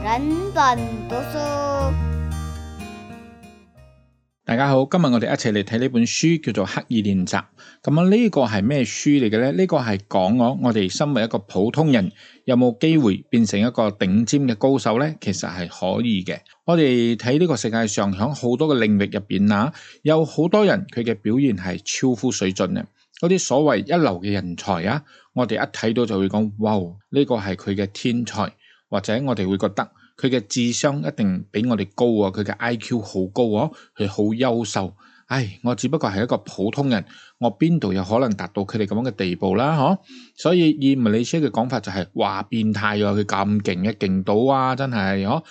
人本讀書，大家好，今日我哋一齊嚟睇呢本書，叫做《刻意練習》。咁啊，呢個係咩書嚟嘅咧？呢個係講我我哋身為一個普通人，有冇機會變成一個頂尖嘅高手呢？其實係可以嘅。我哋睇呢個世界上響好多嘅領域入邊啊，有好多人佢嘅表現係超乎水準嘅，嗰啲所謂一流嘅人才啊，我哋一睇到就會講，哇，呢個係佢嘅天才。或者我哋會覺得佢嘅智商一定比我哋高啊，佢嘅 I.Q 好高啊，佢好優秀。唉，我只不過係一個普通人，我邊度有可能達到佢哋咁樣嘅地步啦？嗬。所以以馬來西亞嘅講法就係話變態啊，佢咁勁一勁到啊，真係嗬。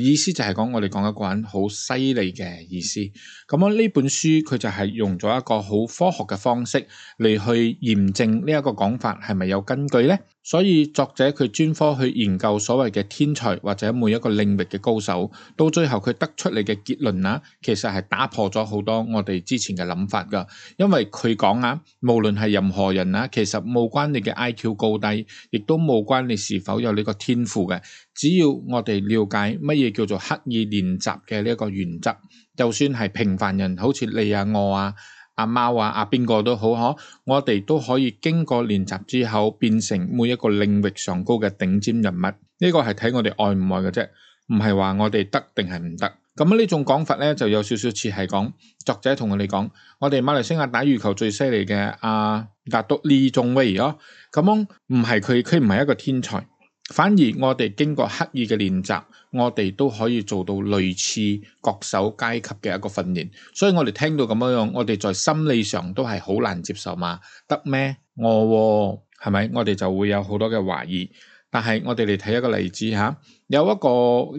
意思就係講我哋講一個人好犀利嘅意思。咁我呢本書佢就係用咗一個好科學嘅方式嚟去驗證呢一個講法係咪有根據咧？所以作者佢專科去研究所謂嘅天才，或者每一個領域嘅高手，到最後佢得出嚟嘅結論啦，其實係打破咗好多我哋之前嘅諗法㗎。因為佢講啊，無論係任何人啊，其實冇關你嘅 IQ 高低，亦都冇關你是否有呢個天賦嘅。只要我哋了解乜嘢叫做刻意練習嘅呢一個原則，就算係平凡人，好似你啊我啊。阿貓啊，阿、啊、邊個都好嗬，我哋都可以經過練習之後，變成每一個領域上高嘅頂尖人物。呢、這個係睇我哋愛唔愛嘅啫，唔係話我哋得定係唔得。咁呢種講法咧，就有少少似係講作者同我哋講，我哋馬來西亞打羽球最犀利嘅拿督李宗偉咯，哦，咁樣唔係佢，佢唔係一個天才。反而我哋經過刻意嘅練習，我哋都可以做到類似各首階級嘅一個訓練。所以我哋聽到咁樣樣，我哋在心理上都係好難接受嘛，得咩？哦哦，我係咪？我哋就會有好多嘅懷疑。但係我哋嚟睇一個例子吓，有一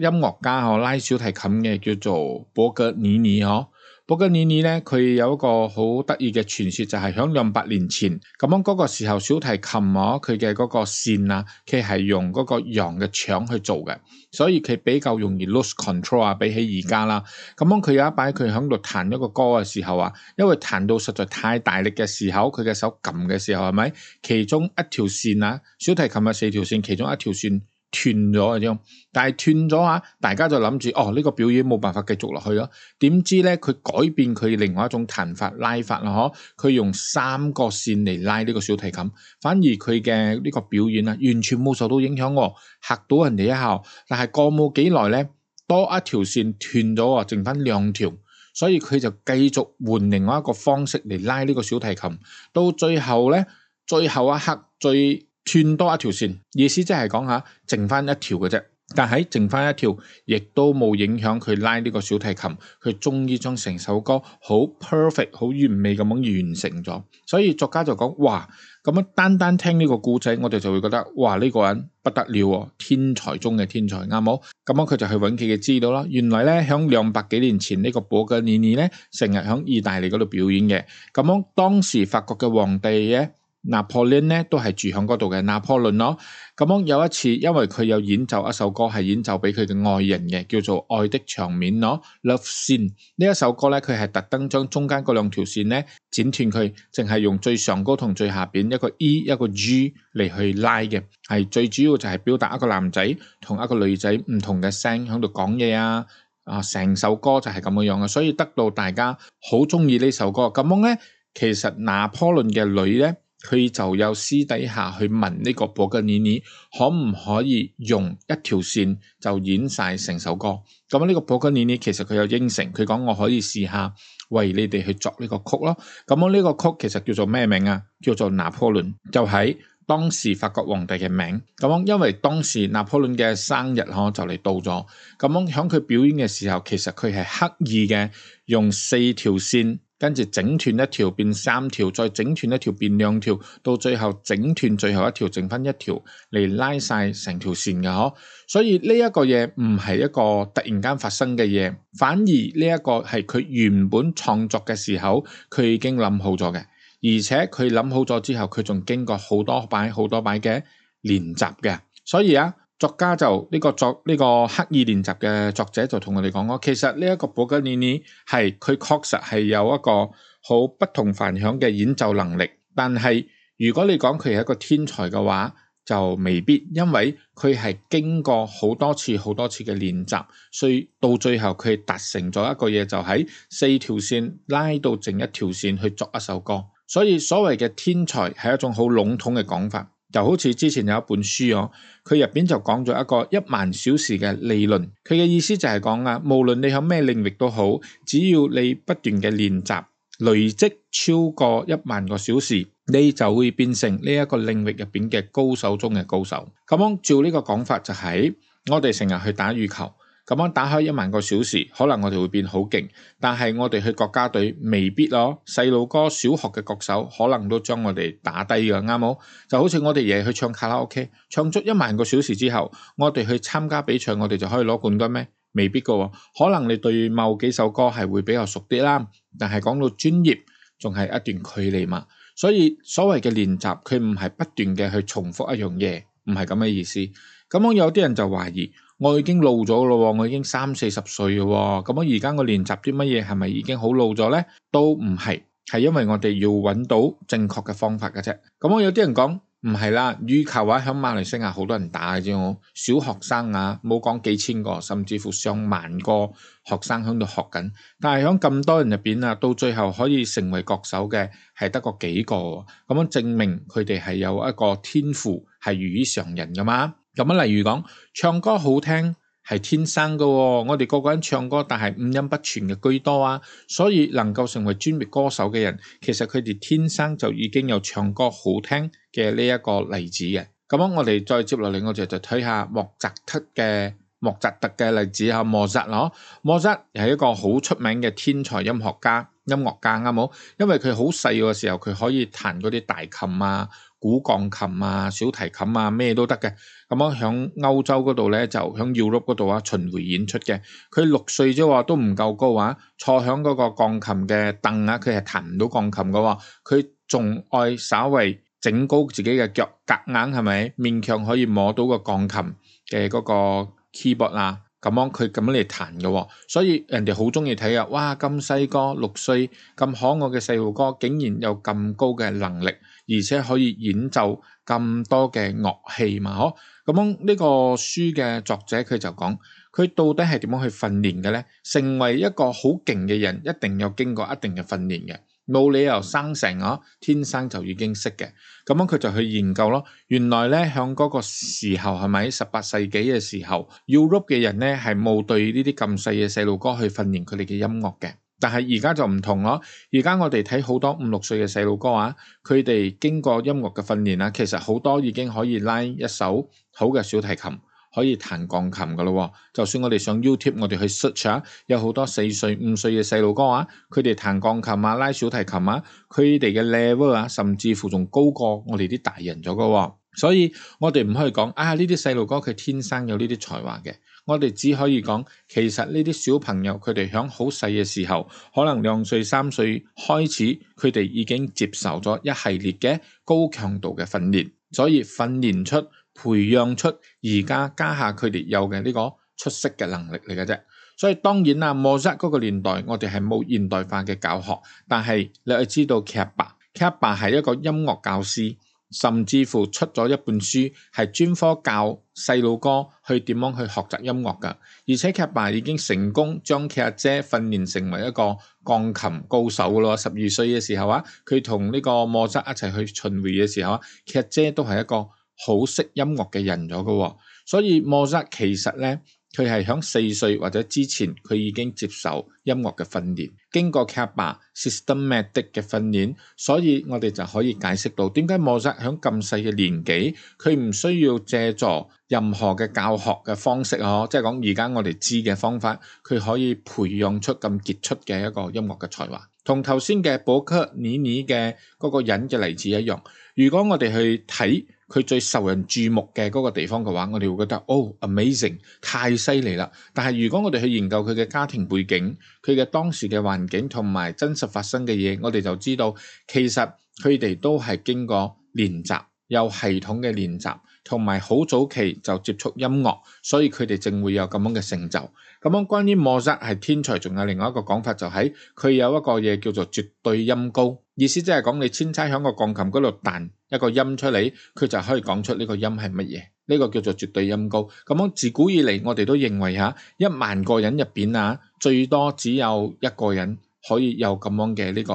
個音樂家我拉小提琴嘅叫做帕格尼尼嗬。帕格尼尼咧，佢有一個好得意嘅傳說，就係喺兩百年前咁樣嗰個時候，小提琴啊，佢嘅嗰個線啊，佢係用嗰個羊嘅腸去做嘅，所以佢比較容易 lose control 啊，比起而家啦。咁樣佢有一擺，佢喺度彈一個歌嘅時候啊，因為彈到實在太大力嘅時候，佢嘅手撳嘅時候係咪？其中一條線啊，小提琴啊四條線，其中一條線。斷咗啊！咁，但係斷咗吓，大家就諗住哦，呢個表演冇辦法繼續落去咯。點知咧，佢改變佢另外一種彈法拉法啦，嗬？佢用三個線嚟拉呢個小提琴，反而佢嘅呢個表演啊，完全冇受到影響，嚇到人哋一下。但係過冇幾耐咧，多一條線斷咗啊，剩翻兩條，所以佢就繼續換另外一個方式嚟拉呢個小提琴。到最後咧，最後一刻最。串多一條線，意思即係講下剩翻一條嘅啫。但係剩翻一條，亦都冇影響佢拉呢個小提琴。佢終於將成首歌好 perfect、好完美咁樣完成咗。所以作家就講：哇，咁樣單單聽呢個故仔，我哋就會覺得哇，呢個人不得了，天才中嘅天才，啱冇？咁樣佢就去揾佢嘅資料啦。原來呢，響兩百幾年前，呢個波格尼尼呢，成日響意大利嗰度表演嘅。咁樣當時法國嘅皇帝咧。拿破崙呢都係住響嗰度嘅拿破崙咯。咁樣有一次，因為佢有演奏一首歌，係演奏俾佢嘅愛人嘅，叫做《愛的場面》咯 （Love Scene）。呢一首歌咧，佢係特登將中間嗰兩條線呢剪斷佢，淨係用最上高同最下邊一個 E 一個 G 嚟去拉嘅，係最主要就係表達一個男仔同一個女仔唔同嘅聲響度講嘢啊。啊，成首歌就係咁樣樣嘅，所以得到大家好中意呢首歌。咁樣咧，其實拿破崙嘅女咧。佢就有私底下去問呢個柏格尼尼可唔可以用一條線就演晒成首歌？咁呢個柏格尼尼其實佢有應承，佢講，我可以試下為你哋去作呢個曲咯。咁樣呢個曲其實叫做咩名啊？叫做拿破崙，就喺當時法國皇帝嘅名。咁樣因為當時拿破崙嘅生日嗬就嚟到咗，咁樣響佢表演嘅時候，其實佢係刻意嘅用四條線。跟住整斷一條變三條，再整斷一條變兩條，到最後整斷最後一條，剩翻一條嚟拉晒成條線嘅嗬。所以呢一個嘢唔係一個突然間發生嘅嘢，反而呢一個係佢原本創作嘅時候，佢已經諗好咗嘅，而且佢諗好咗之後，佢仲經過好多擺好多擺嘅練習嘅，所以啊。作家就呢、這個作呢、這個刻意練習嘅作者就同我哋講過，其實呢一個帕格尼尼係佢確實係有一個好不同凡響嘅演奏能力，但係如果你講佢係一個天才嘅話，就未必，因為佢係經過好多次好多次嘅練習，所以到最後佢達成咗一個嘢，就喺四條線拉到剩一條線去作一首歌。所以所謂嘅天才係一種好籠統嘅講法。就好似之前有一本書哦，佢入邊就講咗一個一萬小時嘅理論，佢嘅意思就係講啊，無論你喺咩領域都好，只要你不斷嘅練習累積超過一萬個小時，你就會變成呢一個領域入邊嘅高手中嘅高手。咁樣照呢個講法就係我哋成日去打羽球。咁樣打開一萬個小時，可能我哋會變好勁，但係我哋去國家隊未必咯。細路哥小學嘅國手，可能都將我哋打低噶，啱冇？就好似我哋日日去唱卡拉 OK，唱足一萬個小時之後，我哋去參加比賽，我哋就可以攞冠軍咩？未必噶，可能你對某幾首歌係會比較熟啲啦，但係講到專業，仲係一段距離嘛。所以所謂嘅練習，佢唔係不斷嘅去重複一樣嘢，唔係咁嘅意思。咁樣有啲人就懷疑。我已經老咗咯，我已經三四十歲咯，咁樣而家我練習啲乜嘢係咪已經好老咗呢？都唔係，係因為我哋要揾到正確嘅方法嘅啫。咁、嗯、我有啲人講唔係啦，羽球話喺馬來西亞好多人打嘅啫，小學生啊，冇講幾千個，甚至乎上萬個學生喺度學緊，但係喺咁多人入邊啊，到最後可以成為國手嘅係得個幾個，咁、嗯、樣證明佢哋係有一個天賦係如常人噶嘛？咁例如講唱歌好聽係天生嘅喎，哦，我哋個個人唱歌，但係五音不全嘅居多啊。所以能夠成為專業歌手嘅人，其實佢哋天生就已經有唱歌好聽嘅呢一個例子嘅。咁啊，我哋再接落嚟，我哋就睇下莫扎特嘅莫扎特嘅例子啊，莫扎啦，哦，莫扎又係一個好出名嘅天才音樂家，音樂家，啱冇？因為佢好細個時候，佢可以彈嗰啲大琴啊。古鋼琴啊、小提琴啊，咩都得嘅。咁樣喺歐洲嗰度咧，就喺要碌嗰度啊，巡迴演出嘅。佢六歲啫喎，都唔夠高啊。坐喺嗰個鋼琴嘅凳啊，佢係彈唔到鋼琴嘅喎、啊。佢仲愛稍微整高自己嘅腳，夾硬係咪？勉強可以摸到個鋼琴嘅嗰個 keyboard 啊。咁樣佢咁樣嚟彈嘅喎、啊。所以人哋好中意睇啊！哇，咁細個六歲，咁可愛嘅細路哥，竟然有咁高嘅能力。而且可以演奏咁多嘅樂器嘛？嗬、哦，咁樣呢個書嘅作者佢就講，佢到底係點樣去訓練嘅咧？成為一個好勁嘅人，一定要經過一定嘅訓練嘅，冇理由生成嗬、哦，天生就已經識嘅。咁樣佢就去研究咯。原來咧，響嗰個時候係咪十八世紀嘅時候，Europe 嘅人咧係冇對呢啲咁細嘅細路哥去訓練佢哋嘅音樂嘅。但係而家就唔同咯，而家我哋睇好多五六歲嘅細路哥啊，佢哋經過音樂嘅訓練啦，其實好多已經可以拉一首好嘅小提琴，可以彈鋼琴噶咯。就算我哋上 YouTube，我哋去 search 啊，有好多四歲、五歲嘅細路哥啊，佢哋彈鋼琴啊、拉小提琴啊，佢哋嘅 level 啊，甚至乎仲高過我哋啲大人咗噶。所以我哋唔可以講啊，呢啲細路哥佢天生有呢啲才華嘅。我哋只可以講，其實呢啲小朋友佢哋響好細嘅時候，可能兩歲三歲開始，佢哋已經接受咗一系列嘅高強度嘅訓練，所以訓練出、培養出而家家下佢哋有嘅呢個出色嘅能力嚟嘅啫。所以當然啦，莫扎嗰個年代我哋係冇現代化嘅教學，但係你係知道，佢爸佢爸係一個音樂教師。甚至乎出咗一本書，係專科教細路哥去點樣去學習音樂噶。而且劇爸已經成功將劇姐訓練成為一個鋼琴高手噶咯。十二歲嘅時候啊，佢同呢個莫扎一齊去巡迴嘅時候啊，劇姐都係一個好識音樂嘅人咗噶。所以莫扎其實咧。佢係喺四歲或者之前，佢已經接受音樂嘅訓練，經過刻板 systematic 嘅訓練，所以我哋就可以解釋到點解莫扎喺咁細嘅年紀，佢唔需要借助任何嘅教學嘅方式哦、啊，即係講而家我哋知嘅方法，佢可以培養出咁傑出嘅一個音樂嘅才華，同頭先嘅保克尼尼嘅嗰個人嘅例子一樣。如果我哋去睇，佢最受人注目嘅嗰個地方嘅話，我哋會覺得哦，oh，amazing，太犀利啦！但係如果我哋去研究佢嘅家庭背景、佢嘅當時嘅環境同埋真實發生嘅嘢，我哋就知道其實，佢哋都係經過練習，有系統嘅練習，同埋好早期就接觸音樂，所以佢哋正會有咁樣嘅成就。咁樣關於莫扎係天才，仲有另外一個講法，就係，就係佢有一個嘢叫做絕對音高，意思即係講你千差響個鋼琴嗰度彈一個音出嚟，佢就可以講出呢個音係乜嘢，呢、呢個叫做絕對音高。咁樣自古以嚟，我哋都認為吓一萬個人入邊啊，最多只有一個人可以有咁樣嘅呢個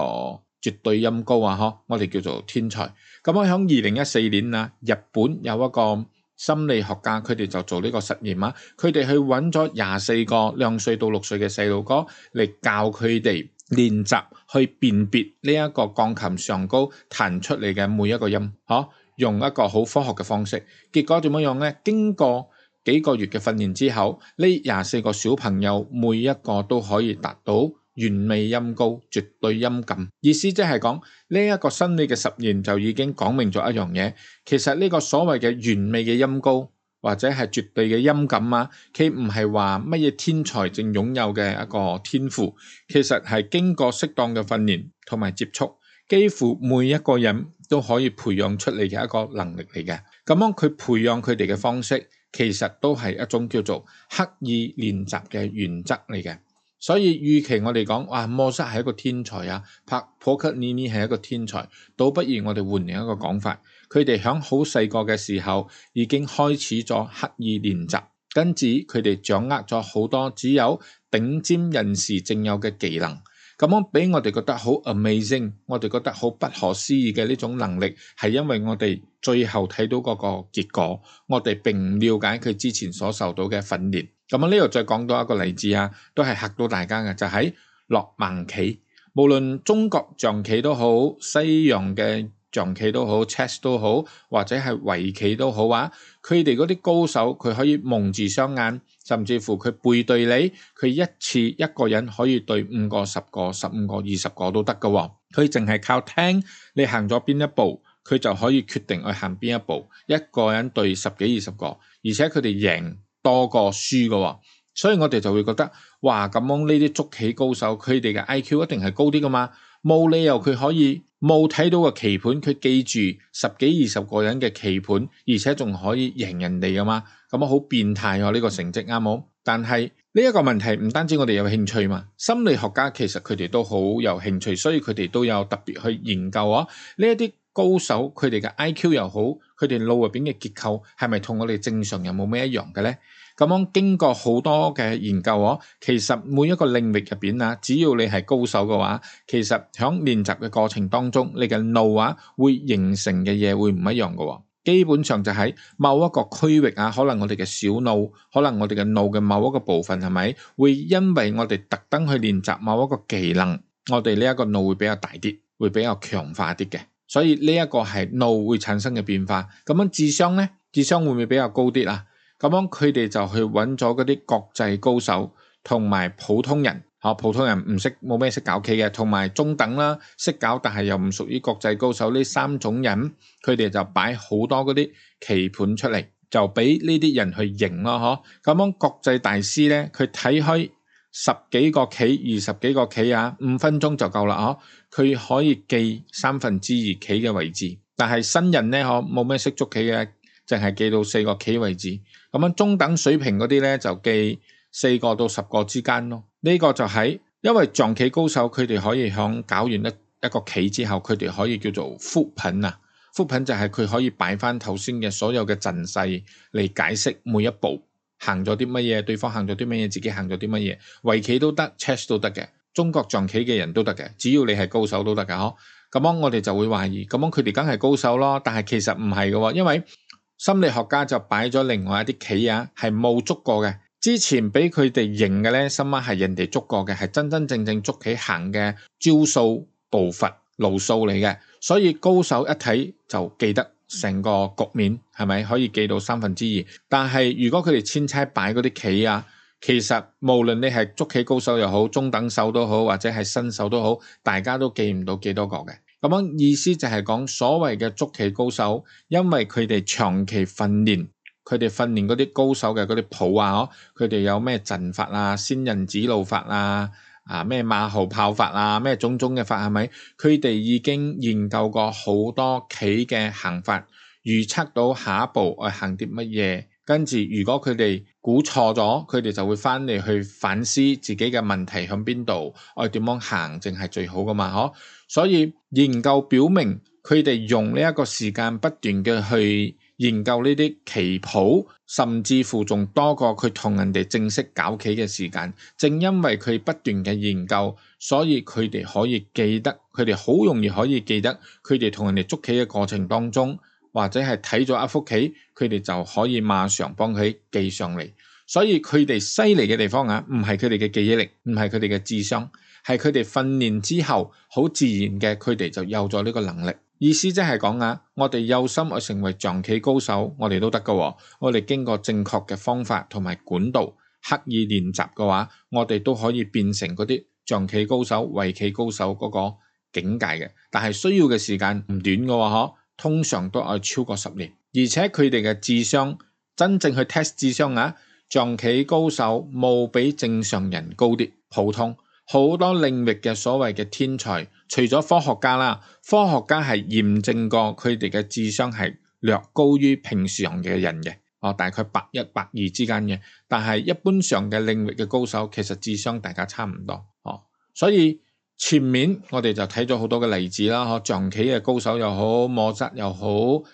絕對音高啊！呵，我哋叫做天才。咁樣響二零一四年啊，日本有一個。心理學家佢哋就做呢個實驗啊，佢哋去揾咗廿四個兩歲到六歲嘅細路哥嚟，教佢哋練習去辨別呢一個鋼琴上高彈出嚟嘅每一個音，嚇、啊、用一個好科學嘅方式。結果點樣樣呢？經過幾個月嘅訓練之後，呢廿四個小朋友每一個都可以達到。完美音高，絕對音感，意思即係講呢一個生理嘅實驗就已經講明咗一樣嘢。其實呢個所謂嘅完美嘅音高或者係絕對嘅音感啊，佢唔係話乜嘢天才正擁有嘅一個天賦，其實係經過適當嘅訓練同埋接觸，幾乎每一個人都可以培養出嚟嘅一個能力嚟嘅。咁樣佢培養佢哋嘅方式，其實都係一種叫做刻意練習嘅原則嚟嘅。所以預期我哋講，哇！摩塞係一個天才啊，拍普克尼尼係一個天才，倒不如我哋換另一個講法，佢哋響好細個嘅時候已經開始咗刻意練習，跟住佢哋掌握咗好多只有頂尖人士正有嘅技能，咁樣俾我哋覺得好 amazing，我哋覺得好不可思議嘅呢種能力，係因為我哋最後睇到嗰個結果，我哋並唔了解佢之前所受到嘅訓練。咁啊，呢度再講多一個例子啊，都係吓到大家嘅，就喺落盲棋。無論中國象棋都好，西洋嘅象棋都好，Chess 都好，或者係圍棋都好啊。佢哋嗰啲高手，佢可以蒙住雙眼，甚至乎佢背對你，佢一次一個人可以對五個、十個、十五個、二十個都得嘅。佢淨係靠聽你行咗邊一步，佢就可以決定去行邊一步。一個人對十幾、二十個，而且佢哋贏多過輸嘅，所以我哋就會覺得，哇，咁樣呢啲捉棋高手，佢哋嘅 IQ 一定係高啲噶嘛，冇理由佢可以冇睇到個棋盤，佢記住十幾二十個人嘅棋盤，而且仲可以贏人哋噶嘛，咁啊好變態啊呢個成績啱冇？但係呢一個問題唔單止我哋有興趣嘛，心理學家其實佢哋都好有興趣，所以佢哋都有特別去研究啊呢一啲。高手佢哋嘅 IQ 又好，佢哋腦入邊嘅結構係咪同我哋正常人冇咩一樣嘅呢？咁樣經過好多嘅研究，嗬，其實每一個領域入邊啊，只要你係高手嘅話，其實喺練習嘅過程當中，你嘅腦啊會形成嘅嘢會唔一樣嘅。基本上就喺某一個區域啊，可能我哋嘅小腦，可能我哋嘅腦嘅某一個部分係咪會因為我哋特登去練習某一個技能，我哋呢一個腦會比較大啲，會比較強化啲嘅。所以呢一個係腦、NO、會產生嘅變化，咁樣智商咧，智商會唔會比較高啲啊？咁樣佢哋就去揾咗嗰啲國際高手同埋普通人，吓普通人唔識冇咩識搞棋嘅，同埋中等啦，識搞但係又唔屬於國際高手呢三種人，佢哋就擺好多嗰啲棋盤出嚟，就俾呢啲人去認咯。吓咁樣國際大師咧，佢睇開。十幾個棋，二十幾個棋啊，五分鐘就夠啦，嗬、哦！佢可以記三分之二棋嘅位置，但係新人咧，嗬、哦，冇咩識捉棋嘅，淨係記到四個棋位置。咁樣中等水平嗰啲咧，就記四個到十個之間咯。呢、這個就喺、是、因為象棋高手佢哋可以響搞完一一個棋之後，佢哋可以叫做復品啊，復品就係佢可以擺翻頭先嘅所有嘅陣勢嚟，解釋每一步。行咗啲乜嘢，對方行咗啲乜嘢，自己行咗啲乜嘢，圍棋都得，Chess 都得嘅，中國象棋嘅人都得嘅，只要你係高手都得嘅。咁樣我哋就會懷疑，咁樣佢哋梗係高手咯。但係其實唔係嘅，因為心理學家就擺咗另外一啲棋啊，係冇捉過嘅。之前俾佢哋認嘅咧，심아係人哋捉過嘅，係真真正正捉棋行嘅招數、步伐、路數嚟嘅，所以高手一睇就記得。成個局面係咪可以記到三分之二？但係如果佢哋千差擺嗰啲棋啊，其實無論你係捉棋高手又好，中等手都好，或者係新手都好，大家都記唔到幾多個嘅。咁樣意思就係講所謂嘅捉棋高手，因為佢哋長期訓練，佢哋訓練嗰啲高手嘅嗰啲譜啊，佢哋有咩陣法啊、仙人指路法啊。啊咩馬後炮法啊咩種種嘅法係咪？佢哋已經研究過好多棋嘅行法，預測到下一步我行啲乜嘢，跟住如果佢哋估錯咗，佢哋就會翻嚟去反思自己嘅問題響邊度，我點樣行淨係最好噶嘛？嗬，所以研究表明佢哋用呢一個時間不斷嘅去。研究呢啲棋譜，甚至乎仲多過佢同人哋正式搞棋嘅時間。正因為佢不斷嘅研究，所以佢哋可以記得，佢哋好容易可以記得，佢哋同人哋捉棋嘅過程當中，或者係睇咗一幅棋，佢哋就可以馬上幫佢記上嚟。所以佢哋犀利嘅地方啊，唔係佢哋嘅記憶力，唔係佢哋嘅智商，係佢哋訓練之後好自然嘅，佢哋就有咗呢個能力。意思即係講啊，我哋有心去成為象棋高手，我哋都得噶。我哋經過正確嘅方法同埋管道，刻意練習嘅話，我哋都可以變成嗰啲象棋高手、圍棋高手嗰個境界嘅。但係需要嘅時間唔短噶，嗬，通常都係超過十年。而且佢哋嘅智商，真正去 test 智商啊，象棋高手冇比正常人高啲，普通。好多領域嘅所謂嘅天才，除咗科學家啦，科學家係驗證過佢哋嘅智商係略高於平常嘅人嘅，哦，大概百一、百二之間嘅。但係一般上嘅領域嘅高手，其實智商大家差唔多，哦。所以前面我哋就睇咗好多嘅例子啦，嗬，象棋嘅高手又好，莫扎又好，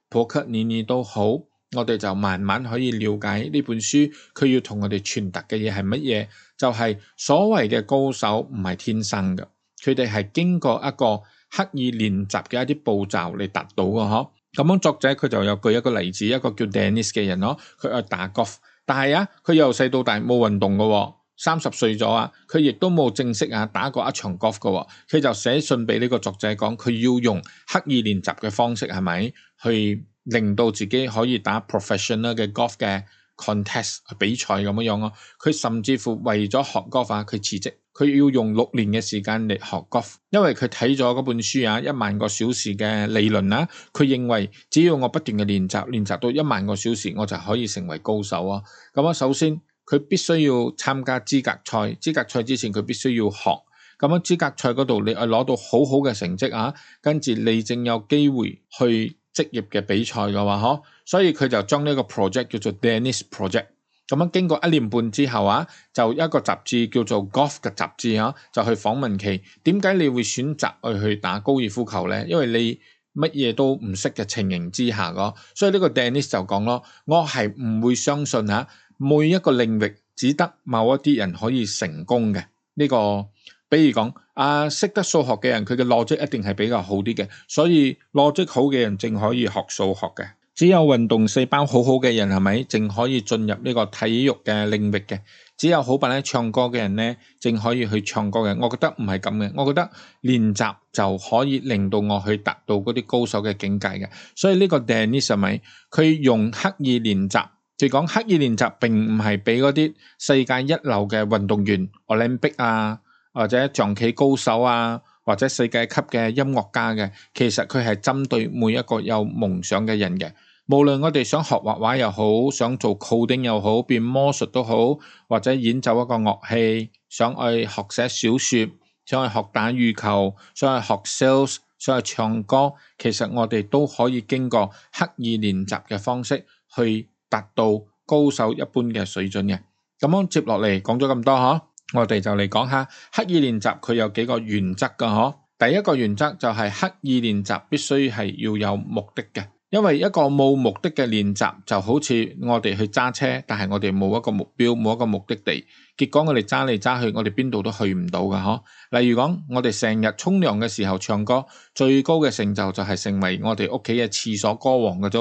普克尼尼都好，我哋就慢慢可以了解呢本書佢要同我哋傳達嘅嘢係乜嘢。就係所謂嘅高手唔係天生嘅，佢哋係經過一個刻意練習嘅一啲步驟嚟達到嘅嗬，咁樣作者佢就有舉一個例子，一個叫 Dennis 嘅人咯，佢打 Golf，但係啊，佢由細到大冇運動嘅，哦，三十歲咗啊，佢亦都冇正式啊打過一場 Golf 嘅，哦，佢就寫信俾呢個作者講，佢要用刻意練習嘅方式係咪去令到自己可以打 professional 嘅 Golf 嘅？contest 去比賽咁樣咯，佢甚至乎為咗學 golf，佢辭職，佢要用六年嘅時間嚟學 golf，因為佢睇咗嗰本書啊，一萬個小時嘅理論啦，佢認為只要我不斷嘅練習，練習到一萬個小時，我就可以成為高手啊。咁啊，首先佢必須要參加資格賽，資格賽之前佢必須要學。咁樣資格賽嗰度你係攞到好好嘅成績啊，跟住你正有機會去職業嘅比賽嘅話，嗬，所以佢就將呢個 project 叫做 Dennis Project。咁樣經過一年半之後啊，就一個雜誌叫做 Golf 嘅雜誌啊，就去訪問佢，點解你會選擇去去打高爾夫球呢？因為你乜嘢都唔識嘅情形之下咯，所以呢個 Dennis 就講咯，我係唔會相信吓、啊、每一個領域只得某一啲人可以成功嘅呢，這個。比如講，啊識得數學嘅人，佢嘅邏輯一定係比較好啲嘅，所以邏輯好嘅人正可以學數學嘅。只有運動細胞好好嘅人係咪，正可以進入呢個體育嘅領域嘅？只有好本領唱歌嘅人呢，正可以去唱歌嘅。我覺得唔係咁嘅，我覺得練習就可以令到我去達到嗰啲高手嘅境界嘅。所以呢個 Daniel 係咪佢用刻意練習，即係講刻意練習並唔係俾嗰啲世界一流嘅運動員 Olympic 啊。或者象棋高手啊，或者世界級嘅音樂家嘅，其實佢係針對每一個有夢想嘅人嘅。無論我哋想學畫畫又好，想做 coding 又好，變魔術都好，或者演奏一個樂器，想去學寫小說，想去學打羽球，想去學 sales，想去唱歌，其實我哋都可以經過刻意練習嘅方式去達到高手一般嘅水準嘅。咁樣接落嚟講咗咁多吓。我哋就嚟講下刻意練習，佢有幾個原則噶，嗬。第一個原則就係刻意練習必須係要有目的嘅，因為一個冇目的嘅練習就好似我哋去揸車，但係我哋冇一個目標，冇一個目的地，結果我哋揸嚟揸去，我哋邊度都去唔到噶，嗬。例如講，我哋成日沖涼嘅時候唱歌，最高嘅成就就係成為我哋屋企嘅廁所歌王嘅啫，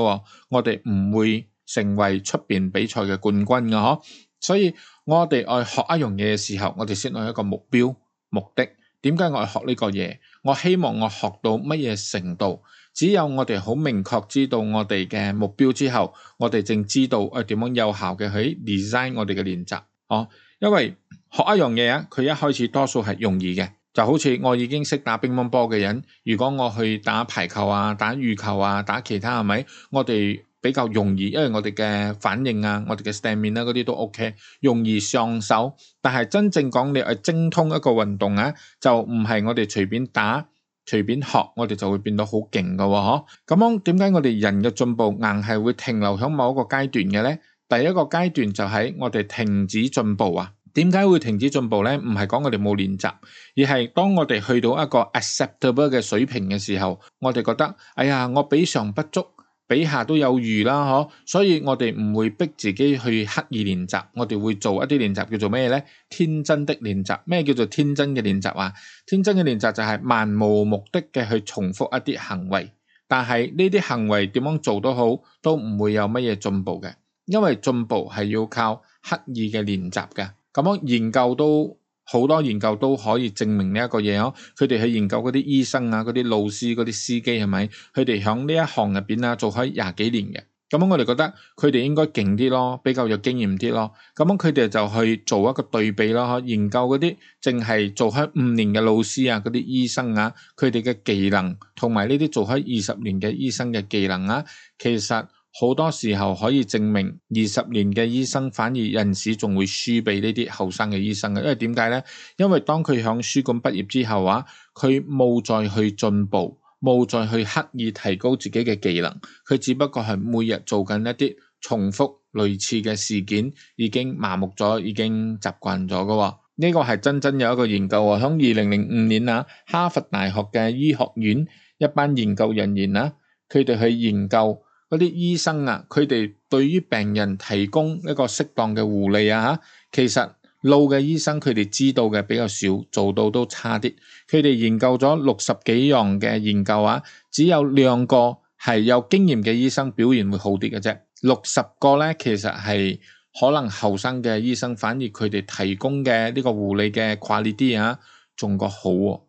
我哋唔會成為出邊比賽嘅冠軍噶，嗬。所以。我哋愛學一樣嘢嘅時候，我哋先有一個目標、目的。點解我愛學呢個嘢？我希望我學到乜嘢程度？只有我哋好明確知道我哋嘅目標之後，我哋正知道我點樣有效嘅去 design 我哋嘅練習哦、啊。因為學一樣嘢啊，佢一開始多數係容易嘅，就好似我已經識打乒乓波嘅人，如果我去打排球啊、打羽球啊、打其他，係咪？我哋比較容易，因為我哋嘅反應啊，我哋嘅 stance 面啊，嗰啲都 OK，容易上手。但係真正講你係精通一個運動啊，就唔係我哋隨便打、隨便學，我哋就會變到好勁嘅喎。咁樣點解我哋人嘅進步硬係會停留喺某一個階段嘅咧？第一個階段就係我哋停止進步啊。點解會停止進步咧？唔係講我哋冇練習，而係當我哋去到一個 acceptable 嘅水平嘅時候，我哋覺得，哎呀，我比上不足。比下都有餘啦，嗬！所以我哋唔會逼自己去刻意練習，我哋會做一啲練習叫做咩呢？天真的練習，咩叫做天真嘅練習啊？天真嘅練習就係漫無目的嘅去重複一啲行為，但係呢啲行為點樣做都好，都唔會有乜嘢進步嘅，因為進步係要靠刻意嘅練習嘅。咁樣研究都。好多研究都可以證明呢一個嘢呵，佢哋去研究嗰啲醫生啊、嗰啲老師、嗰啲司機係咪？佢哋喺呢一行入邊啊，做開廿幾年嘅，咁我哋覺得佢哋應該勁啲咯，比較有經驗啲咯。咁佢哋就去做一個對比咯，研究嗰啲淨係做開五年嘅老師啊、嗰啲醫生啊，佢哋嘅技能同埋呢啲做開二十年嘅醫生嘅技能啊，其實。好多時候可以證明，二十年嘅醫生反而有時仲會輸俾呢啲後生嘅醫生嘅，因為點解呢？因為當佢響書館畢業之後啊，佢冇再去進步，冇再去刻意提高自己嘅技能，佢只不過係每日做緊一啲重複類似嘅事件，已經麻木咗，已經習慣咗噶。呢、這個係真真有一個研究啊！響二零零五年啊，哈佛大學嘅醫學院一班研究人員啊，佢哋去研究。嗰啲醫生啊，佢哋對於病人提供一個適當嘅護理啊嚇，其實老嘅醫生佢哋知道嘅比較少，做到都差啲。佢哋研究咗六十幾樣嘅研究啊，只有兩個係有經驗嘅醫生表現會好啲嘅啫。六十個咧，其實係可能後生嘅醫生，反而佢哋提供嘅呢個護理嘅 quality 啊，仲好喎！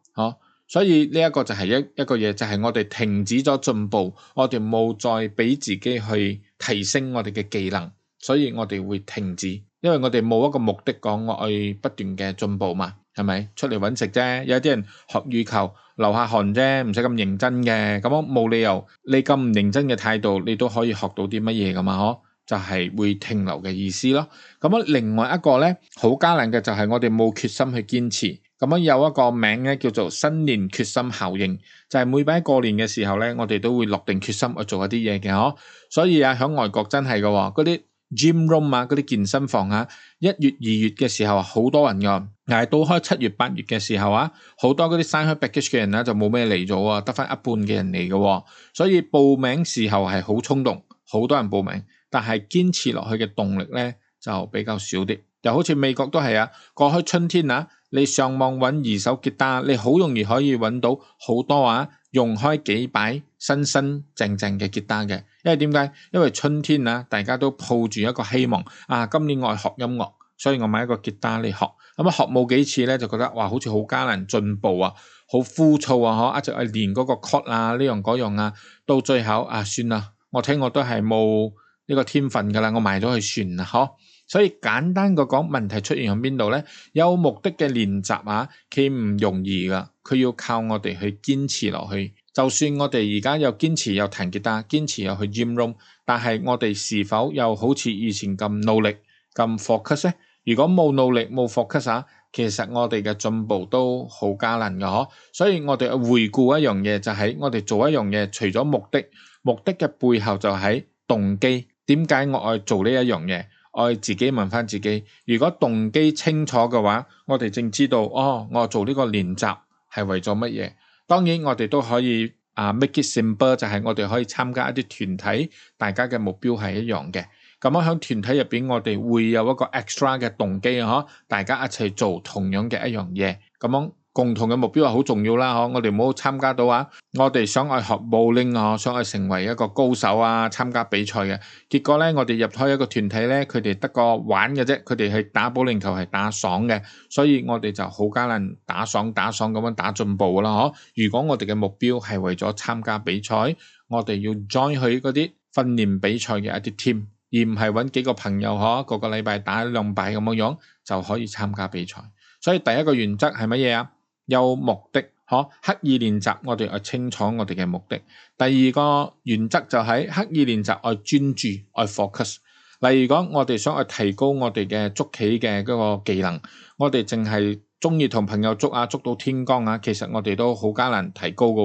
所以呢一個就係一一個嘢，就係、是、我哋停止咗進步，我哋冇再俾自己去提升我哋嘅技能，所以我哋會停止，因為我哋冇一個目的講，我去不斷嘅進步嘛，係咪？出嚟搵食啫，有啲人學羽毛球流下汗啫，唔使咁認真嘅，咁樣冇理由你咁唔認真嘅態度，你都可以學到啲乜嘢噶嘛？嗬，就係、是、會停留嘅意思咯。咁樣另外一個呢，好艱難嘅就係我哋冇決心去堅持。咁樣有一個名咧，叫做新年決心效應，就係每擺過年嘅時候咧，我哋都會落定決心去做一啲嘢嘅嗬。所以啊，喺外國真係嘅，嗰啲 gym room 啊，嗰啲健身房啊，一月二月嘅時候好多人嘅，挨到開七月八月嘅時候啊，好多嗰啲 sign up package 嘅人咧就冇咩嚟咗啊，得翻一半嘅人嚟嘅。所以報名時候係好衝動，好多人報名，但係堅持落去嘅動力咧就比較少啲。就好似美國都係啊，過開春天啊。你上網揾二手吉他，你好容易可以揾到好多啊，用開幾擺新新正正嘅吉他嘅。因為點解？因為春天啊，大家都抱住一個希望，啊，今年我係學音樂，所以我買一個吉他嚟學。咁啊，學冇幾次咧，就覺得哇，好似好艱難進步啊，好枯燥啊，嗬、啊，一直係練嗰個 chord 啊，呢樣嗰樣啊，到最後啊，算啦，我聽我都係冇呢個天分噶啦，我賣咗去算啦，嗬、啊。所以簡單嘅講，問題出現喺邊度咧？有目的嘅練習啊，佢唔容易噶，佢要靠我哋去堅持落去。就算我哋而家又堅持又彈吉他，堅持又去 jam room，但係我哋是否又好似以前咁努力咁 focus 咧？如果冇努力冇 focus 啊，其實我哋嘅進步都好艱難嘅呵。所以我哋要回顧一樣嘢，就係我哋做一樣嘢，除咗目的，目的嘅背後就係動機，點解我愛做呢一樣嘢？我自己問翻自己，如果動機清楚嘅話，我哋正知道哦，我做呢個練習係為咗乜嘢？當然我哋都可以啊，make it simple，就係我哋可以參加一啲團體，大家嘅目標係一樣嘅。咁樣喺團體入邊，我哋會有一個 extra 嘅動機啊，大家一齊做同樣嘅一樣嘢，咁樣。共同嘅目標係好重要啦，嗬！我哋唔好參加到啊！我哋想去學保齡，嗬，想去成為一個高手啊，參加比賽嘅。結果咧，我哋入開一個團體咧，佢哋得個玩嘅啫，佢哋係打保齡球係打爽嘅，所以我哋就好艱難打爽打爽咁樣打進步啦，嗬！如果我哋嘅目標係為咗參加比賽，我哋要 join 去嗰啲訓練比賽嘅一啲 team，而唔係搵幾個朋友，嗬，個個禮拜打一兩擺咁樣就可以參加比賽。所以第一個原則係乜嘢啊？有目的可刻意練習，我哋去清楚我哋嘅目的。第二個原則就係刻意練習去專注去 focus。例如講，我哋想去提高我哋嘅捉棋嘅嗰個技能，我哋淨係中意同朋友捉啊，捉到天光啊，其實我哋都好難提高噶。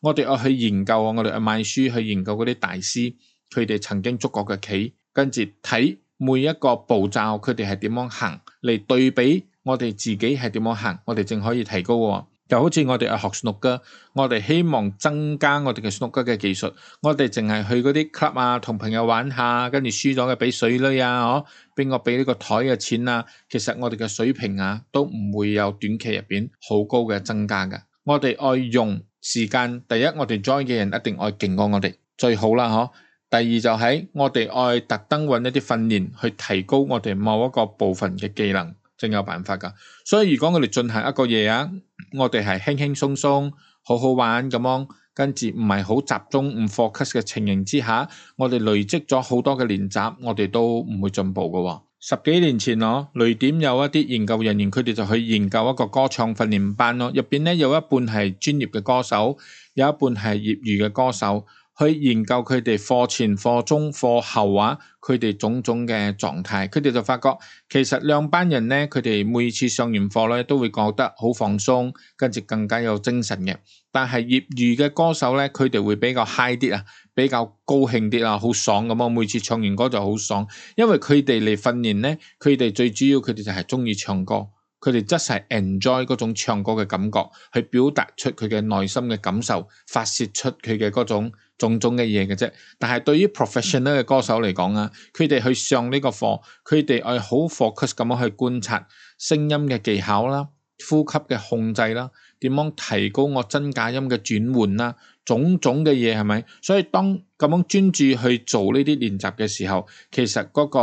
我哋愛去研究，我哋去買書去研究嗰啲大師佢哋曾經捉過嘅棋，跟住睇每一個步驟佢哋係點樣行嚟對比。我哋自己係點樣行？我哋淨可以提高、哦。就好似我哋學士碌架，我哋希望增加我哋嘅士碌架嘅技術。我哋淨係去嗰啲 club 啊，同朋友玩下，跟住輸咗嘅俾水女啊，哦、啊，邊個俾呢個台嘅錢啊？其實我哋嘅水平啊，都唔會有短期入邊好高嘅增加噶。我哋愛用時間，第一我哋 join 嘅人一定愛勁過我哋最好啦。嗬、啊，第二就喺、是、我哋愛特登揾一啲訓練去提高我哋某一個部分嘅技能。定有辦法㗎，所以如果我哋進行一個嘢啊，我哋係輕輕鬆鬆、好好玩咁樣，跟住唔係好集中、唔 focus 嘅情形之下，我哋累積咗好多嘅練習，我哋都唔會進步嘅。十幾年前咯雷點有一啲研究人員，佢哋就去研究一個歌唱訓練班咯，入邊咧有一半係專業嘅歌手，有一半係業餘嘅歌手。去研究佢哋課前、課中、課後啊，佢哋種種嘅狀態，佢哋就發覺，其實兩班人咧，佢哋每次上完課咧，都會覺得好放鬆，跟住更加有精神嘅。但係業餘嘅歌手咧，佢哋會比較 high 啲啊，比較高興啲啦，好爽咁啊！每次唱完歌就好爽，因為佢哋嚟訓練咧，佢哋最主要佢哋就係中意唱歌，佢哋 just 係 enjoy 嗰種唱歌嘅感覺，去表達出佢嘅內心嘅感受，發洩出佢嘅嗰種。種種嘅嘢嘅啫，但係對於 professional 嘅歌手嚟講啊，佢哋、嗯、去上呢個課，佢哋係好 focus 咁樣去觀察聲音嘅技巧啦、呼吸嘅控制啦、點樣提高我真假音嘅轉換啦，種種嘅嘢係咪？所以當咁樣專注去做呢啲練習嘅時候，其實嗰個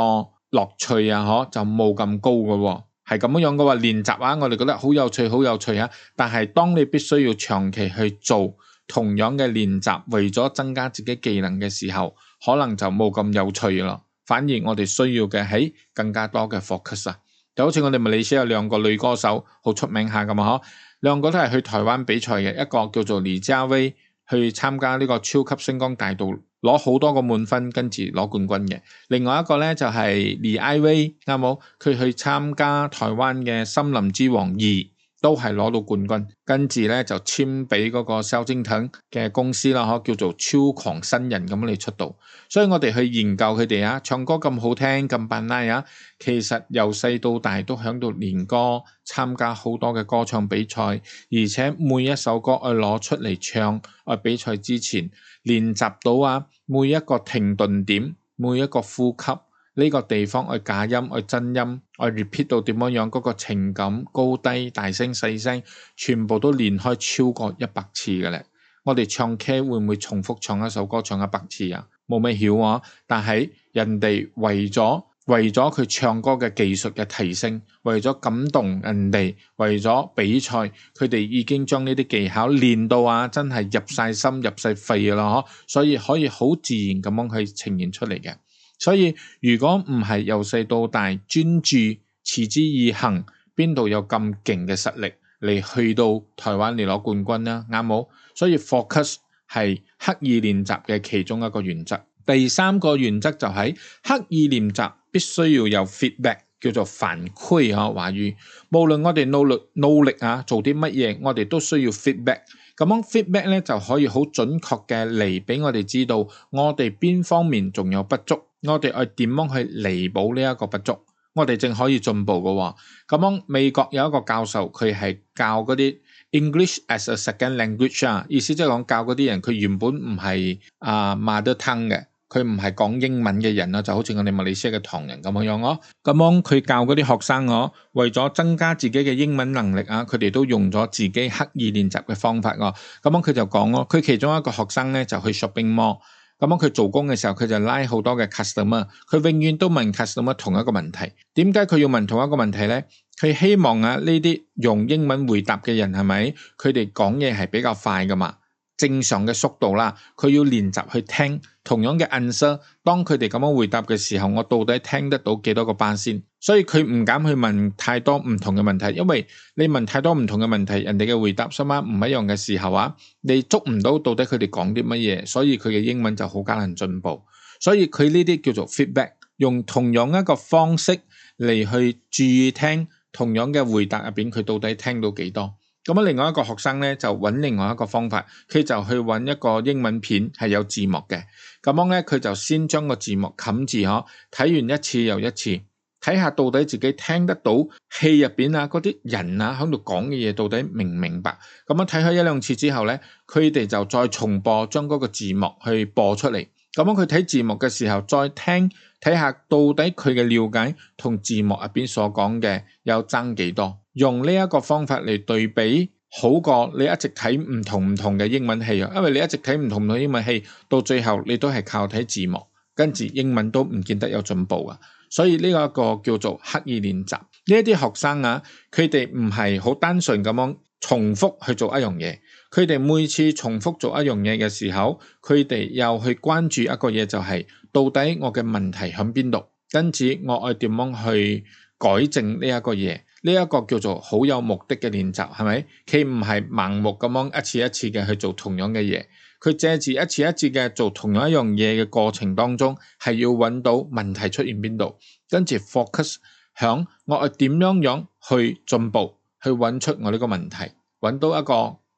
樂趣啊，嗬就冇咁高噶，係咁樣樣嘅話。練習啊，我哋覺得好有趣，好有趣啊！但係當你必須要長期去做。同樣嘅練習，為咗增加自己技能嘅時候，可能就冇咁有，有趣咯。反而我哋需要嘅係更加多嘅 focus。啊。就好似我哋馬來西亞有兩個女歌手好出名下咁啊！嗬，兩個都係去台灣比賽嘅，一個叫做李佳薇去參加呢個超級星光大道，攞好多個滿分，跟住攞冠軍嘅。另外一個呢，就係李艾薇，啱冇？佢去參加台灣嘅森林之王二。都係攞到冠軍，跟住呢就簽俾嗰個蕭敬騰嘅公司啦，呵，叫做超狂新人咁嚟出道。所以我哋去研究佢哋啊，唱歌咁好聽咁扮拉啊，其實由細到大都喺度練歌，參加好多嘅歌唱比賽，而且每一首歌愛攞出嚟唱，愛比賽之前練習到啊，每一個停頓點，每一個呼吸。呢個地方愛假音愛真音愛 repeat 到點樣樣，嗰個情感高低大聲細聲，全部都練開超過一百次嘅咧。我哋唱 K 會唔會重複唱一首歌唱一百次啊？冇咩曉啊！但係人哋為咗為咗佢唱歌嘅技術嘅提升，為咗感動人哋，為咗比賽，佢哋已經將呢啲技巧練到啊，真係入晒心入晒肺噶啦，嗬！所以可以好自然咁樣去呈現出嚟嘅。所以如果唔係由細到大專注持之以恒，邊度有咁勁嘅實力嚟去到台灣嚟攞冠軍咧？啱冇？所以 focus 係刻意練習嘅其中一個原則。第三個原則就喺、是、刻意練習必須要有 feedback，叫做反饋吓。華、啊、語無論我哋努力努力啊，做啲乜嘢，我哋都需要 feedback。咁樣 feedback 咧就可以好準確嘅嚟俾我哋知道我哋邊方面仲有不足。我哋係點樣去彌補呢一個不足？我哋正可以進步嘅喎。咁樣美國有一個教授，佢係教嗰啲 English as a second language 啊，意思即係講教嗰啲人，佢原本唔係啊 mother tongue 嘅，佢唔係講英文嘅人啊，就好似我哋馬來西亞嘅唐人咁樣樣哦。咁樣佢教嗰啲學生哦，為咗增加自己嘅英文能力啊，佢哋都用咗自己刻意練習嘅方法哦。咁樣佢就講咯，佢、哦、其中一個學生咧就去 shopping mall。咁樣佢做工嘅時候，佢就拉好多嘅 customer。佢永遠都問 customer 同一個問題，點解佢要問同一個問題咧？佢希望啊，呢啲用英文回答嘅人係咪？佢哋講嘢係比較快噶嘛，正常嘅速度啦。佢要練習去聽同樣嘅 answer，當佢哋咁樣回答嘅時候，我到底聽得到幾多個巴仙？所以佢唔敢去問太多唔同嘅問題，因為你問太多唔同嘅問題，人哋嘅回答，心媽唔一樣嘅時候啊，你捉唔到到底佢哋講啲乜嘢，所以佢嘅英文就好艱難進步。所以佢呢啲叫做 feedback，用同樣一個方式嚟去注意聽同樣嘅回答入邊，佢到底聽到幾多？咁啊，另外一個學生咧就搵另外一個方法，佢就去搵一個英文片係有字幕嘅，咁樣咧佢就先將個字幕冚住，嗬，睇完一次又一次。睇下到底自己聽得到戲入邊啊嗰啲人啊喺度講嘅嘢到底明唔明白？咁樣睇開一兩次之後呢，佢哋就再重播，將嗰個字幕去播出嚟。咁樣佢睇字幕嘅時候，再聽睇下到底佢嘅了解同字幕入邊所講嘅有爭幾多？用呢一個方法嚟對比，好過你一直睇唔同唔同嘅英文戲啊！因為你一直睇唔同唔同英文戲，到最後你都係靠睇字幕，跟住英文都唔見得有進步啊！所以呢一個叫做刻意練習，呢一啲學生啊，佢哋唔係好單純咁樣重複去做一樣嘢，佢哋每次重複做一樣嘢嘅時候，佢哋又去關注一個嘢，就是，就係到底我嘅問題響邊度，跟住我會點樣去改正呢一個嘢，呢一個叫做好有目的嘅練習，係咪？佢唔係盲目咁樣一次一次嘅去做同樣嘅嘢。佢借住一次一次嘅做同樣一樣嘢嘅過程當中，係要揾到問題出現邊度，跟住 focus 響我哋點樣樣去進步，去揾出我呢個問題，揾到一個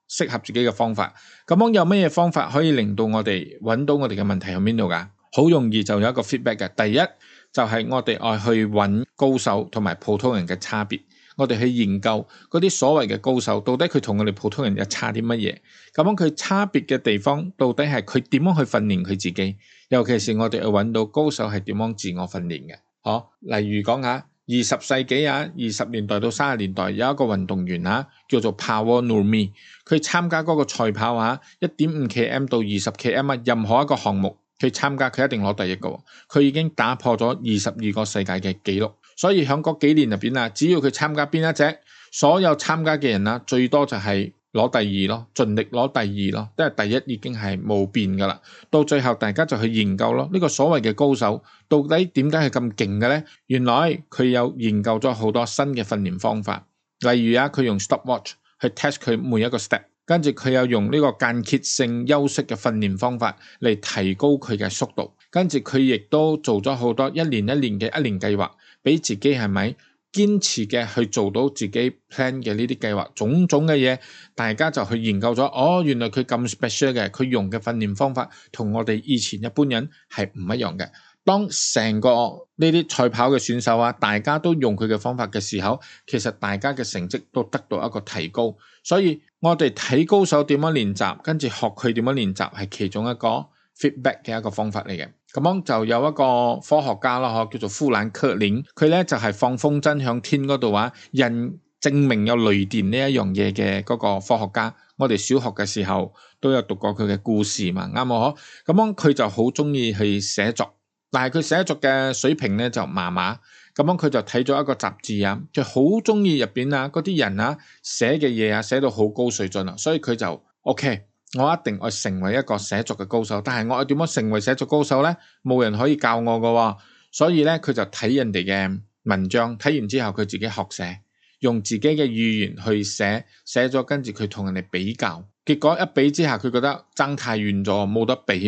適合自己嘅方法。咁樣有咩方法可以令到我哋揾到我哋嘅問題喺邊度㗎？好容易就有一個 feedback 嘅。第一就係、是、我哋愛去揾高手同埋普通人嘅差別。我哋去研究嗰啲所謂嘅高手，到底佢同我哋普通人又差啲乜嘢？咁樣佢差別嘅地方，到底係佢點樣去訓練佢自己？尤其是我哋去揾到高手係點樣自我訓練嘅？嗬，例如講下二十世紀啊，二十年代到三十年代，有一個運動員嚇、啊、叫做 Paavo、啊、Nurmi 佢參加嗰個賽跑嚇，一點五 km 到二十 km 啊，任何一個項目佢參加佢一定攞第一嘅、哦，佢已經打破咗二十二個世界嘅紀錄。所以喺嗰幾年入邊啊，只要佢參加邊一隻，所有參加嘅人啊，最多就係攞第二咯，盡力攞第二咯，因為第一已經係冇變噶啦。到最後大家就去研究咯，呢個所謂嘅高手到底點解係咁勁嘅咧？原來佢有研究咗好多新嘅訓練方法，例如啊，佢用 stopwatch 去 test 佢每一個 step，跟住佢又用呢個間歇性休息嘅訓練方法嚟提高佢嘅速度，跟住佢亦都做咗好多一年一年嘅一年計劃。俾自己係咪堅持嘅去做到自己 plan 嘅呢啲計劃，種種嘅嘢，大家就去研究咗。哦，原來佢咁 special 嘅，佢用嘅訓練方法同我哋以前一般人係唔一樣嘅。當成個呢啲賽跑嘅選手啊，大家都用佢嘅方法嘅時候，其實大家嘅成績都得到一個提高。所以我哋睇高手點樣練習，跟住學佢點樣練習，係其中一個 feedback 嘅一個方法嚟嘅。咁樣就有一個科學家咯，嗬，叫做富蘭克林，佢咧就係、是、放風箏向天嗰度啊印證明有雷電呢一樣嘢嘅嗰個科學家。我哋小學嘅時候都有讀過佢嘅故事嘛，啱啊，嗬。咁樣佢就好中意去寫作，但係佢寫作嘅水平咧就麻麻。咁樣佢就睇咗一個雜誌啊，就好中意入邊啊嗰啲人啊寫嘅嘢啊，寫到好高水準啊，所以佢就 OK。我一定要成為一個寫作嘅高手，但係我點樣成為寫作高手呢？冇人可以教我噶，所以呢，佢就睇人哋嘅文章，睇完之後佢自己學寫，用自己嘅語言去寫，寫咗跟住佢同人哋比較，結果一比之下佢覺得爭太遠咗，冇得比，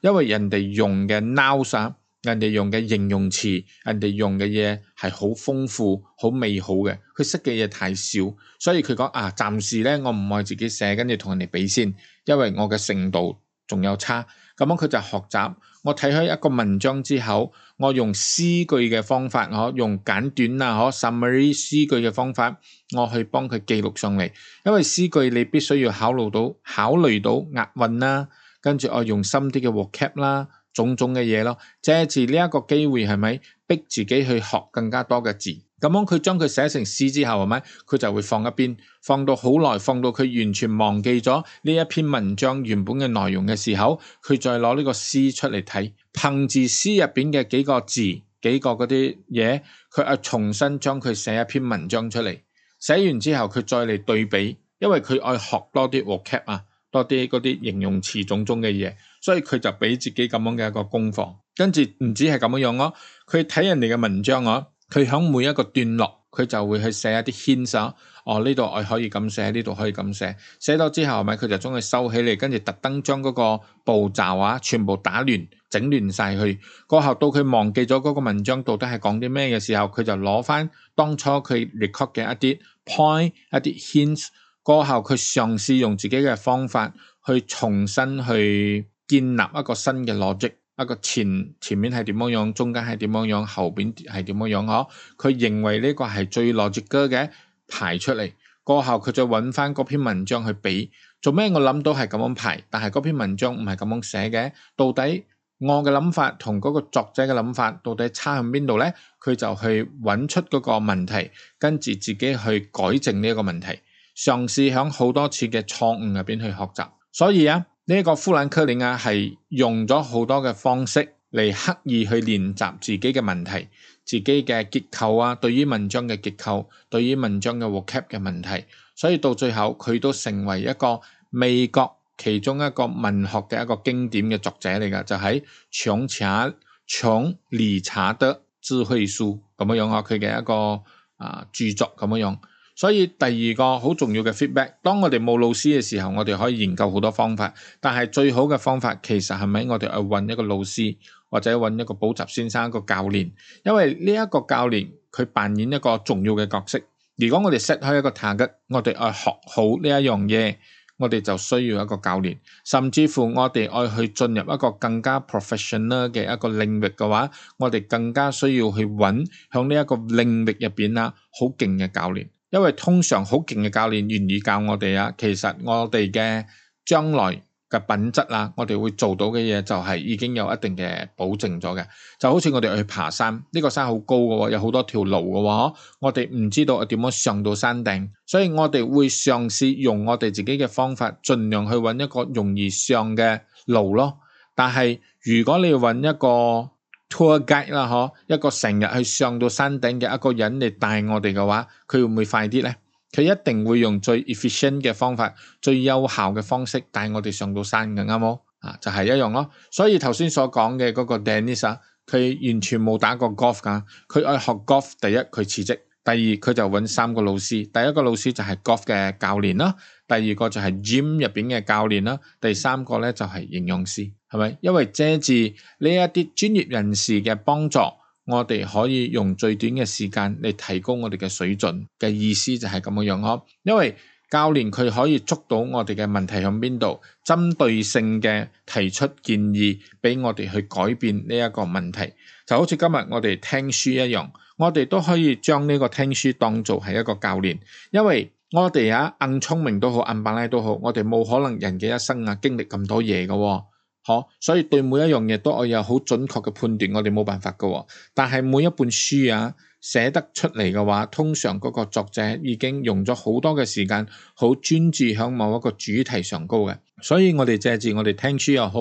因為人哋用嘅 now 什。人哋用嘅形容詞，人哋用嘅嘢係好豐富、好美好嘅。佢識嘅嘢太少，所以佢講啊，暫時咧我唔愛自己寫，跟住同人哋比先，因為我嘅程度仲有差。咁樣佢就學習。我睇開一個文章之後，我用詩句嘅方法，我、啊、用簡短啊，可 summary 詩句嘅方法，我去幫佢記錄上嚟。因為詩句你必須要考慮到，考慮到押韻啦，跟住我用深啲嘅 walk cap 啦。種種嘅嘢咯，借住呢一個機會，係咪逼自己去學更加多嘅字？咁樣佢將佢寫成詩之後係咪？佢就會放一邊，放到好耐，放到佢完全忘記咗呢一篇文章原本嘅內容嘅時候，佢再攞呢個詩出嚟睇，憑住詩入邊嘅幾個字、幾個嗰啲嘢，佢愛、啊、重新將佢寫一篇文章出嚟。寫完之後佢再嚟對比，因為佢愛學多啲 vocab 啊，多啲嗰啲形容詞種種嘅嘢。所以佢就俾自己咁樣嘅一個功課，跟住唔止係咁樣樣咯，佢睇人哋嘅文章啊，佢喺每一個段落，佢就會去寫一啲 hint 啊，哦呢度我可以咁寫，呢度可以咁寫，寫咗之後咪佢就將佢收起嚟，跟住特登將嗰個步驟啊，全部打亂、整亂晒去，過後到佢忘記咗嗰個文章到底係講啲咩嘅時候，佢就攞翻當初佢 record 嘅一啲 point、一啲 hint，過後佢嘗試用自己嘅方法去重新去。建立一個新嘅邏輯，一個前前面係點樣樣，中間係點樣樣，後邊係點樣樣嗬？佢認為呢個係最邏輯哥嘅排出嚟，過後佢再揾翻嗰篇文章去比，做咩我諗到係咁樣排，但係嗰篇文章唔係咁樣寫嘅，到底我嘅諗法同嗰個作者嘅諗法到底差響邊度呢？佢就去揾出嗰個問題，跟住自己去改正呢一個問題，嘗試響好多次嘅錯誤入邊去學習，所以啊。呢一個富蘭克林啊，係用咗好多嘅方式嚟刻意去練習自己嘅問題、自己嘅結構啊，對於文章嘅結構、對於文章嘅 word cap 嘅問題，所以到最後佢都成為一個美國其中一個文學嘅一個經典嘅作者嚟㗎，就喺、是《窮查窮理查德智慧書》咁樣啊，佢嘅一個啊、呃、著作咁樣。所以第二個好重要嘅 feedback，當我哋冇老師嘅時候，我哋可以研究好多方法，但係最好嘅方法其實係咪我哋去搵一個老師或者搵一個補習先生一個教練？因為呢一個教練佢扮演一個重要嘅角色。如果我哋 set 開一個 target，我哋去學好呢一樣嘢，我哋就需要一個教練。甚至乎我哋愛去進入一個更加 professional 嘅一個領域嘅話，我哋更加需要去搵向呢一個領域入邊啦，好勁嘅教練。因為通常好勁嘅教練願意教我哋啊，其實我哋嘅將來嘅品質啦，我哋會做到嘅嘢就係已經有一定嘅保證咗嘅。就好似我哋去爬山，呢個山好高嘅喎，有好多條路嘅喎，我哋唔知道點樣上到山頂，所以我哋會嘗試用我哋自己嘅方法，盡量去揾一個容易上嘅路咯。但係如果你揾一個，Tour guide 啦，嗬，一個成日去上到山頂嘅一個人嚟帶我哋嘅話，佢會唔會快啲呢？佢一定會用最 efficient 嘅方法、最有效嘅方式帶我哋上到山嘅，啱冇？啊，就係一樣咯。所以頭先所講嘅嗰個 Dennis，佢完全冇打過 Golf 噶，佢愛學 Golf。第一佢辭職，第二佢就揾三個老師。第一個老師就係 Golf 嘅教練啦，第二個就係 Gym 入邊嘅教練啦，第三個咧就係營養師。係咪？因為借住呢一啲專業人士嘅幫助，我哋可以用最短嘅時間嚟提高我哋嘅水準嘅意思就係咁嘅樣呵。因為教練佢可以捉到我哋嘅問題響邊度，針對性嘅提出建議俾我哋去改變呢一個問題。就好似今日我哋聽書一樣，我哋都可以將呢個聽書當做係一個教練，因為我哋啊硬、嗯、聰明都好，硬、嗯、板拉都好，我哋冇可能人嘅一生啊經歷咁多嘢噶、哦。嗬，所以對每一樣嘢都我有好準確嘅判斷，我哋冇辦法噶喎。但係每一本書啊寫得出嚟嘅話，通常嗰個作者已經用咗好多嘅時間，好專注響某一個主題上高嘅。所以我哋借住我哋聽書又好，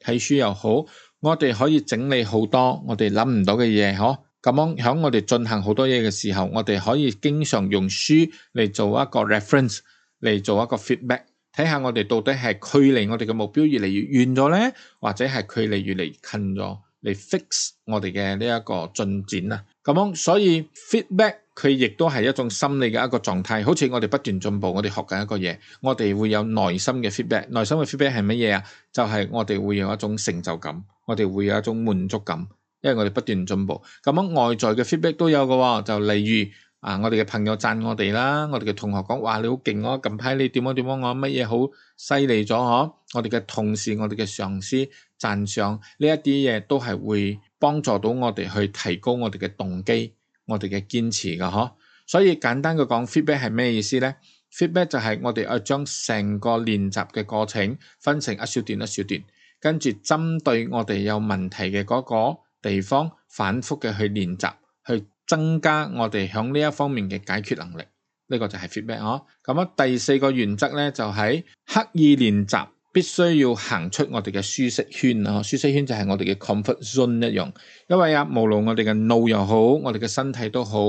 睇書又好，我哋可以整理好多我哋諗唔到嘅嘢。嗬，咁樣響我哋進行好多嘢嘅時候，我哋可以經常用書嚟做一個 reference，嚟做一個 feedback。睇下我哋到底係距離我哋嘅目標越嚟越遠咗咧，或者係距離越嚟越近咗，嚟 fix 我哋嘅呢一個進展啊。咁樣所以 feedback 佢亦都係一種心理嘅一個狀態，好似我哋不斷進步，我哋學緊一個嘢，我哋會有內心嘅 feedback，內心嘅 feedback 係乜嘢啊？就係我哋會有一種成就感，我哋會有一種滿足感，因為我哋不斷進步。咁樣外在嘅 feedback 都有嘅喎，就例如。啊！我哋嘅朋友讚我哋啦，我哋嘅同學講話你好勁哦，近排你點樣點樣我乜嘢好犀利咗呵？我哋嘅同事、我哋嘅上司讚賞呢一啲嘢都係會幫助到我哋去提高我哋嘅動機、我哋嘅堅持嘅呵、啊。所以簡單嘅講，feedback 係咩意思呢？feedback 就係我哋要將成個練習嘅過程分成一小段一小段，跟住針對我哋有問題嘅嗰個地方，反覆嘅去練習去。增加我哋響呢一方面嘅解決能力，呢個就係 feedback 嗬。咁啊，第四個原則咧就喺刻意練習，必須要行出我哋嘅舒適圈啊！舒適圈就係我哋嘅 comfort zone 一樣，因為啊，無論我哋嘅腦又好，我哋嘅身體都好，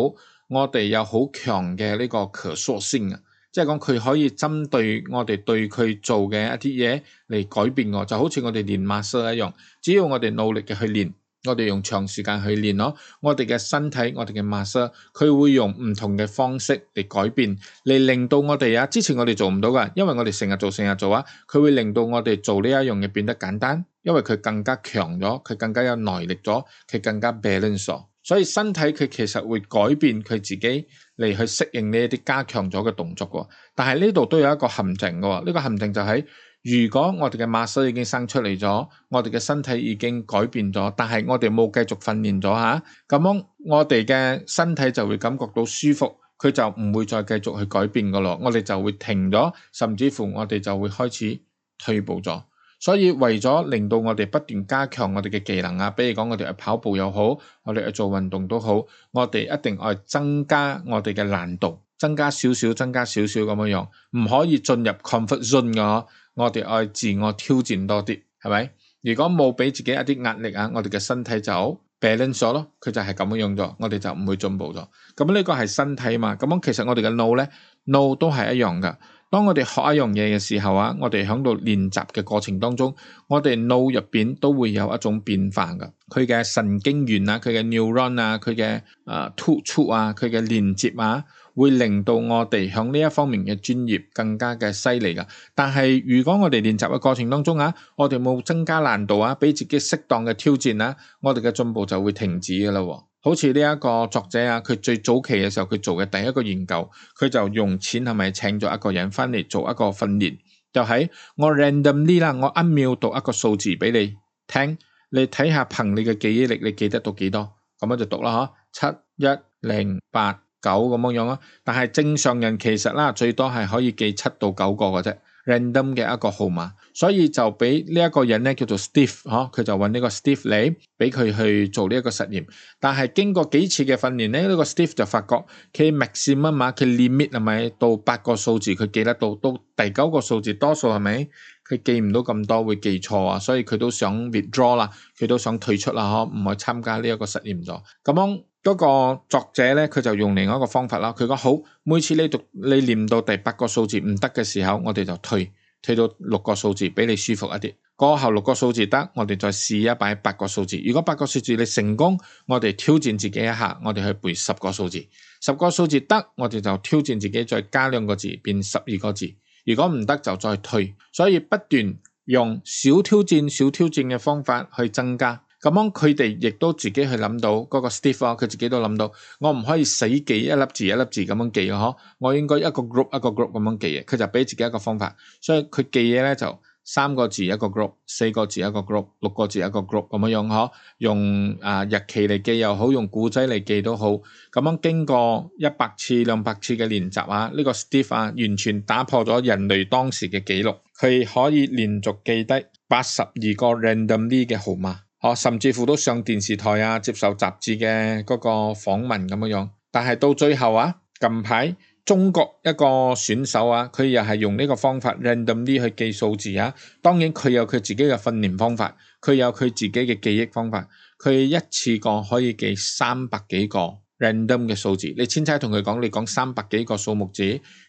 我哋有好強嘅呢個可塑性啊！即係講佢可以針對我哋對佢做嘅一啲嘢嚟改變我，就好似我哋練馬術一樣，只要我哋努力嘅去練。我哋用長時間去練咯，我哋嘅身體，我哋嘅 muscle，佢會用唔同嘅方式嚟改變，嚟令到我哋啊，之前我哋做唔到噶，因為我哋成日做，成日做啊，佢會令到我哋做呢一樣嘢變得簡單，因為佢更加強咗，佢更加有耐力咗，佢更加 balance 咗，所以身體佢其實會改變佢自己嚟去適應呢一啲加強咗嘅動作嘅，但係呢度都有一個陷阱嘅喎，呢個陷阱就喺。如果我哋嘅馬騮已經生出嚟咗，我哋嘅身體已經改變咗，但係我哋冇繼續訓練咗嚇，咁樣我哋嘅身體就會感覺到舒服，佢就唔會再繼續去改變㗎咯，我哋就會停咗，甚至乎我哋就會開始退步咗。所以為咗令到我哋不斷加強我哋嘅技能啊，比如講我哋去跑步又好，我哋去做運動都好，我哋一定愛增加我哋嘅難度，增加少少，增加少少咁樣樣，唔可以進入 comfort zone 嘅。我哋愛自我挑戰多啲，係咪？如果冇俾自己一啲壓力啊，我哋嘅身體就好 balance 咗咯，佢就係咁樣用咗，我哋就唔會進步咗。咁呢個係身體嘛，咁樣其實我哋嘅腦咧，腦都係一樣噶。當我哋學一樣嘢嘅時候啊，我哋響度練習嘅過程當中，我哋腦入邊都會有一種變化噶，佢嘅神經元啊，佢嘅 neuron 啊，佢嘅啊突觸啊，佢嘅連接啊。會令到我哋向呢一方面嘅專業更加嘅犀利噶。但係如果我哋練習嘅過程當中啊，我哋冇增加難度啊，俾自己適當嘅挑戰啊，我哋嘅進步就會停止噶啦。好似呢一個作者啊，佢最早期嘅時候佢做嘅第一個研究，佢就用錢係咪請咗一個人翻嚟做一個訓練？就係我 random 呢啦，我一秒讀一個數字俾你聽，你睇下憑你嘅記憶力你記得讀幾多？咁樣就讀啦，嗬，七一零八。九咁樣樣咯，但係正常人其實啦，最多係可以記七到九個嘅啫，random 嘅一個號碼，所以就俾呢一個人咧，叫做 Steve 嗬，佢就搵呢個 Steve 嚟俾佢去做呢一個實驗。但係經過幾次嘅訓練咧，呢個 Steve 就發覺佢極限啊嘛，佢 limit 係咪到八個數字佢記得到，到第九個數字多數係咪佢記唔到咁多會記錯啊？所以佢都想 withdraw 啦，佢都想退出啦，嗬，唔去參加呢一個實驗咗。咁樣。嗰個作者咧，佢就用另外一個方法啦。佢講好，每次你讀你念到第八個數字唔得嘅時候，我哋就退，退到六個數字，畀你舒服一啲。過後六個數字得，我哋再試一擺八個數字。如果八個數字你成功，我哋挑戰自己一下，我哋去背十個數字。十個數字得，我哋就挑戰自己再加兩個字，變十二個字。如果唔得就再退，所以不斷用小挑戰、小挑戰嘅方法去增加。咁樣佢哋亦都自己去諗到嗰個 Steve 啊，佢自己都諗到，我唔可以死記一粒字一粒字咁樣記嘅，我應該一個 group 一個 group 咁樣記嘢。佢就俾自己一個方法，所以佢記嘢咧就三個字一個 group，四個字一個 group，六個字一個 group 咁樣用呵。用啊日期嚟記又好，用古仔嚟記都好。咁樣經過一百次兩百次嘅練習啊，呢個 Steve 啊完全打破咗人類當時嘅記錄，佢可以連續記低八十二個 randomly 嘅號碼。哦，甚至乎都上電視台啊，接受雜誌嘅嗰個訪問咁樣。但係到最後啊，近排中國一個選手啊，佢又係用呢個方法 random 去記數字啊。當然佢有佢自己嘅訓練方法，佢有佢自己嘅記憶方法。佢一次過可以記三百幾個 random 嘅數字。你千差同佢講，你講三百幾個數目字，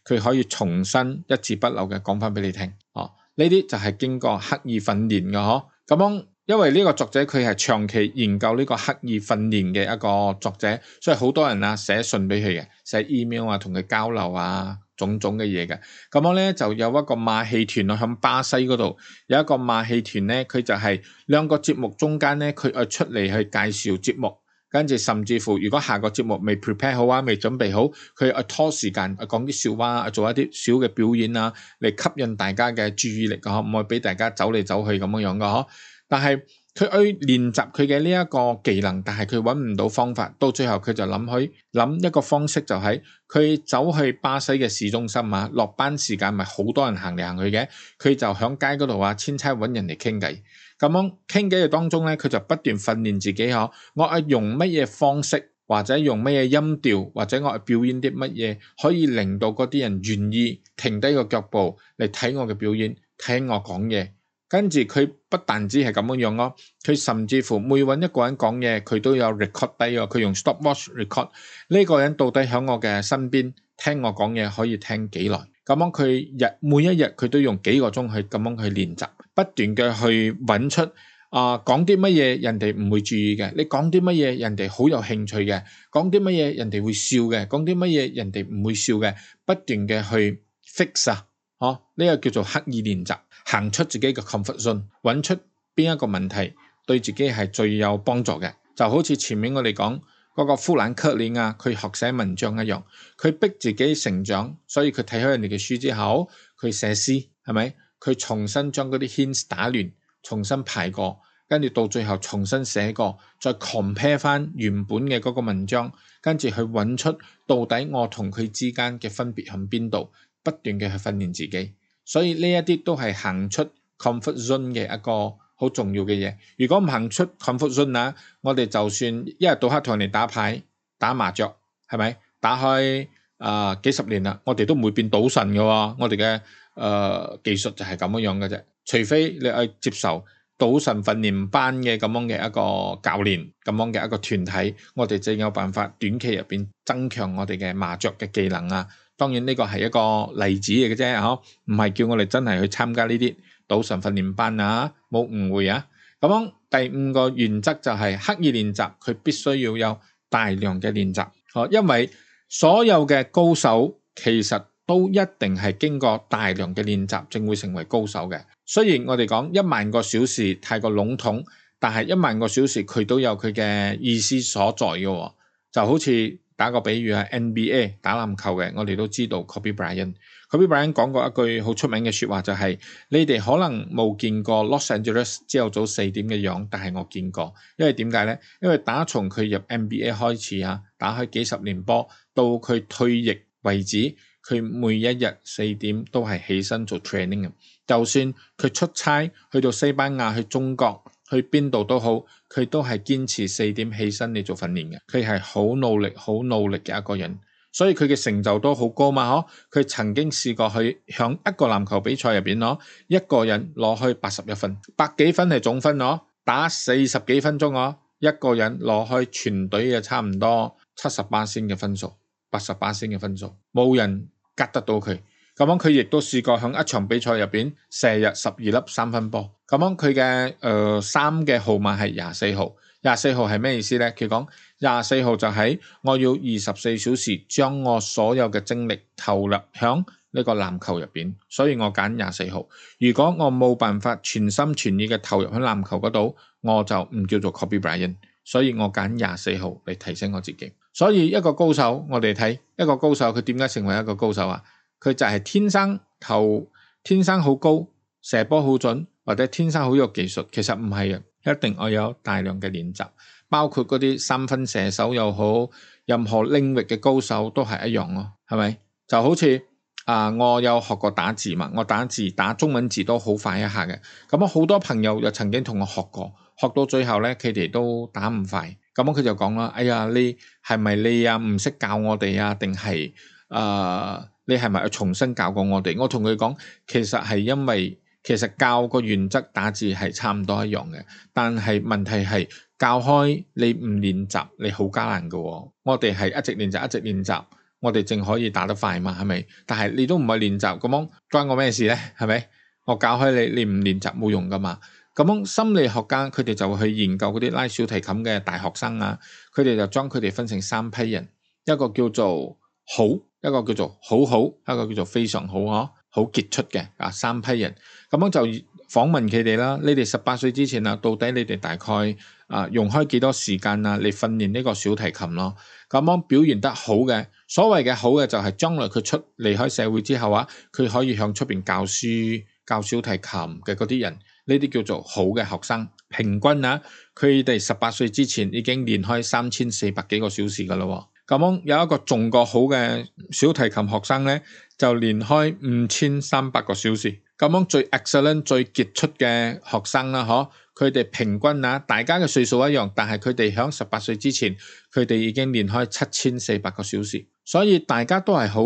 佢可以重新一字不漏嘅講翻俾你聽。哦，呢啲就係經過刻意訓練嘅嗬。咁樣。因為呢個作者佢係長期研究呢個刻意訓練嘅一個作者，所以好多人啊寫信俾佢嘅，寫 email 啊同佢交流啊種種嘅嘢嘅。咁我咧就有一個馬戲團啊，響巴西嗰度有一個馬戲團咧，佢就係兩個節目中間咧，佢啊出嚟去介紹節目，跟住甚至乎如果下個節目未 prepare 好啊，未準備好，佢啊拖時間啊講啲笑話啊，做一啲小嘅表演啊，嚟吸引大家嘅注意力嘅嗬，唔可以俾大家走嚟走去咁樣樣嘅嗬。但係佢去練習佢嘅呢一個技能，但係佢揾唔到方法，到最後佢就諗去諗一個方式，就喺佢走去巴西嘅市中心啊。落班時間咪好多人行嚟行去嘅，佢就喺街嗰度啊，千差揾人嚟傾偈。咁樣傾偈嘅當中呢，佢就不斷訓練自己嗬。我用乜嘢方式，或者用乜嘢音調，或者我係表演啲乜嘢，可以令到嗰啲人願意停低個腳步嚟睇我嘅表演，聽我講嘢，跟住佢。不但止係咁樣樣咯，佢甚至乎每揾一個人講嘢，佢都有 record 低喎。佢用 stopwatch record 呢個人到底喺我嘅身邊聽我講嘢可以聽幾耐？咁樣佢日每一日佢都用幾個鐘去咁樣去練習，不斷嘅去揾出啊講啲乜嘢人哋唔會注意嘅，你講啲乜嘢人哋好有興趣嘅，講啲乜嘢人哋會笑嘅，講啲乜嘢人哋唔會笑嘅，不斷嘅去 fix 啊。哦，呢、這個叫做刻意練習，行出自己嘅 comfort zone，揾出邊一個問題對自己係最有幫助嘅，就好似前面我哋講嗰、那個富蘭克林啊，佢學寫文章一樣，佢逼自己成長，所以佢睇開人哋嘅書之後，佢寫詩，係咪？佢重新將嗰啲 hints 打亂，重新排過，跟住到最後重新寫過，再 compare 翻原本嘅嗰個文章，跟住去揾出到底我同佢之間嘅分別喺邊度。不斷嘅去訓練自己，所以呢一啲都係行出 comfort zone 嘅一個好重要嘅嘢。如果唔行出 comfort zone 啊，我哋就算一日到黑同人哋打牌、打麻雀，係咪打開啊、呃、幾十年啦？我哋都唔會變賭神嘅。我哋嘅誒技術就係咁樣樣嘅啫。除非你去接受賭神訓練班嘅咁樣嘅一個教練、咁樣嘅一個團體，我哋就有辦法短期入邊增強我哋嘅麻雀嘅技能啊！當然呢個係一個例子嘅啫，嗬，唔係叫我哋真係去參加呢啲賭神訓練班啊，冇誤會啊。咁第五個原則就係刻意練習，佢必須要有大量嘅練習，哦，因為所有嘅高手其實都一定係經過大量嘅練習正會成為高手嘅。雖然我哋講一萬個小時太過籠統，但係一萬個小時佢都有佢嘅意思所在嘅，就好似。打個比喻啊，NBA 打籃球嘅，我哋都知道 Kobe Bryant。Kobe Bryant 講過一句好出名嘅説話，就係：你哋可能冇見過 Los Angeles 朝頭早四點嘅樣，但係我見過。因為點解咧？因為打從佢入 NBA 開始啊，打開幾十年波，到佢退役為止，佢每一日四點都係起身做 training。就算佢出差去到西班牙，去中國，去邊度都好，佢都係堅持四點起身嚟做訓練嘅，佢係好努力、好努力嘅一個人，所以佢嘅成就都好高嘛，嗬！佢曾經試過去響一個籃球比賽入邊，嗬，一個人攞去八十一分，百幾分係總分咯，打四十幾分鐘，嗬，一個人攞去全隊嘅差唔多七十巴仙嘅分數，八十巴仙嘅分數，冇人夾得到佢。咁樣佢亦都試過響一場比賽入邊射入十二粒三分波。咁樣佢嘅誒三嘅號碼係廿四號。廿四號係咩意思呢？佢講廿四號就喺我要二十四小時將我所有嘅精力投入響呢個籃球入邊，所以我揀廿四號。如果我冇辦法全心全意嘅投入喺籃球嗰度，我就唔叫做 Kobe Bryant。所以我揀廿四號嚟提醒我自己。所以一個高手，我哋睇一個高手，佢點解成為一個高手啊？佢就係天生頭，天生好高，射波好準，或者天生好有技術。其實唔係嘅，一定我有大量嘅練習，包括嗰啲三分射手又好，任何領域嘅高手都係一樣咯，係咪？就好似啊、呃，我有學過打字嘛，我打字打中文字都好快一下嘅，咁好多朋友又曾經同我學過，學到最後咧，佢哋都打唔快，咁佢就講啦，哎呀你係咪你啊唔識教我哋啊，定係誒？呃你係咪要重新教過我哋？我同佢講，其實係因為其實教個原則打字係差唔多一樣嘅，但係問題係教開你唔練習你好艱難嘅喎、哦。我哋係一直練習，一直練習，我哋淨可以打得快嘛，係咪？但係你都唔可以練習，咁樣關我咩事呢？係咪？我教開你，你唔練習冇用噶嘛。咁樣心理學家佢哋就會去研究嗰啲拉小提琴嘅大學生啊，佢哋就將佢哋分成三批人，一個叫做好。一個叫做好好，一個叫做非常好嗬，好傑出嘅啊三批人，咁樣就訪問佢哋啦。你哋十八歲之前啊，到底你哋大概啊用開幾多時間啊你訓練呢個小提琴咯？咁樣表現得好嘅，所謂嘅好嘅就係將來佢出離開社會之後啊，佢可以向出邊教書教小提琴嘅嗰啲人，呢啲叫做好嘅學生。平均啊，佢哋十八歲之前已經練開三千四百幾個小時噶啦。咁樣有一個仲個好嘅小提琴學生咧，就練開五千三百個小時。咁樣最 excellent、最傑出嘅學生啦，嗬，佢哋平均啊，大家嘅歲數一樣，但係佢哋喺十八歲之前，佢哋已經練開七千四百個小時。所以大家都係好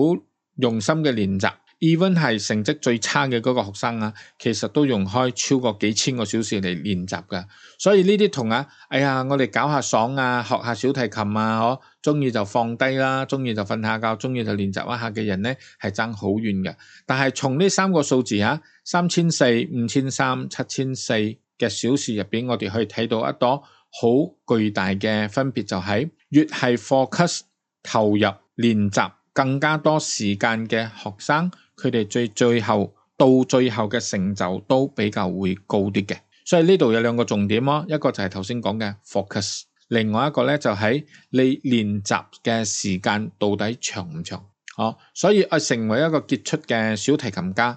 用心嘅練習。even 係成績最差嘅嗰個學生啊，其實都用開超過幾千個小時嚟練習噶。所以呢啲同學，哎呀，我哋搞下爽啊，學下小提琴啊，嗬。中意就放低啦，中意就瞓下覺，中意就練習一下嘅人咧，係爭好遠嘅。但係從呢三個數字吓，三千四、五千三、七千四嘅小時入邊，我哋可以睇到一朵好巨大嘅分別，就喺越係 focus 投入練習更加多時間嘅學生，佢哋最最後到最後嘅成就都比較會高啲嘅。所以呢度有兩個重點咯，一個就係頭先講嘅 focus。另外一個咧，就喺你練習嘅時間到底長唔長，哦，所以啊，成為一個傑出嘅小提琴家。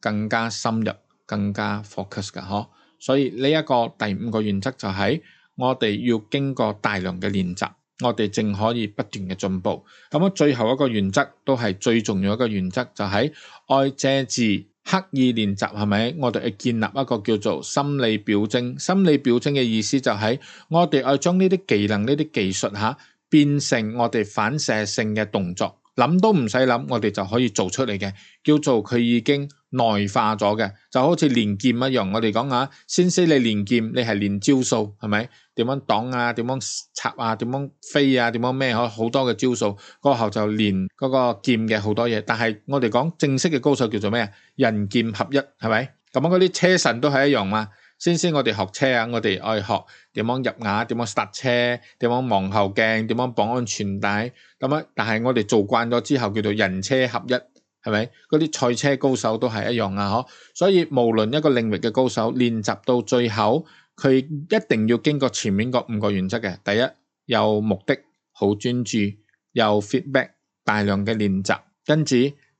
更加深入、更加 focus 噶，嗬！所以呢一、這個第五個原則就係、是、我哋要經過大量嘅練習，我哋正可以不斷嘅進步。咁啊，最後一個原則都係最重要一個原則、就是，就係愛借字刻意練習，係咪？我哋要建立一個叫做心理表徵。心理表徵嘅意思就係、是、我哋愛將呢啲技能、呢啲技術吓，變成我哋反射性嘅動作。諗都唔使諗，我哋就可以做出嚟嘅，叫做佢已經內化咗嘅，就好似練劍一樣。我哋講啊，先先你練劍，你係練招數，係咪？點樣擋啊？點樣插啊？點樣飛啊？點樣咩？好多嘅招數，過後就練嗰個劍嘅好多嘢。但係我哋講正式嘅高手叫做咩啊？人劍合一係咪？咁啊，嗰啲車神都係一樣嘛。先先我哋學車啊，我哋愛學點樣入牙，點樣剎車，點樣望後鏡，點樣綁安全帶。咁啊，但係我哋做慣咗之後，叫做人車合一，係咪？嗰啲賽車高手都係一樣啊，嗬。所以無論一個領域嘅高手練習到最後，佢一定要經過前面嗰五個原則嘅。第一，有目的，好專注，有 feedback，大量嘅練習，跟住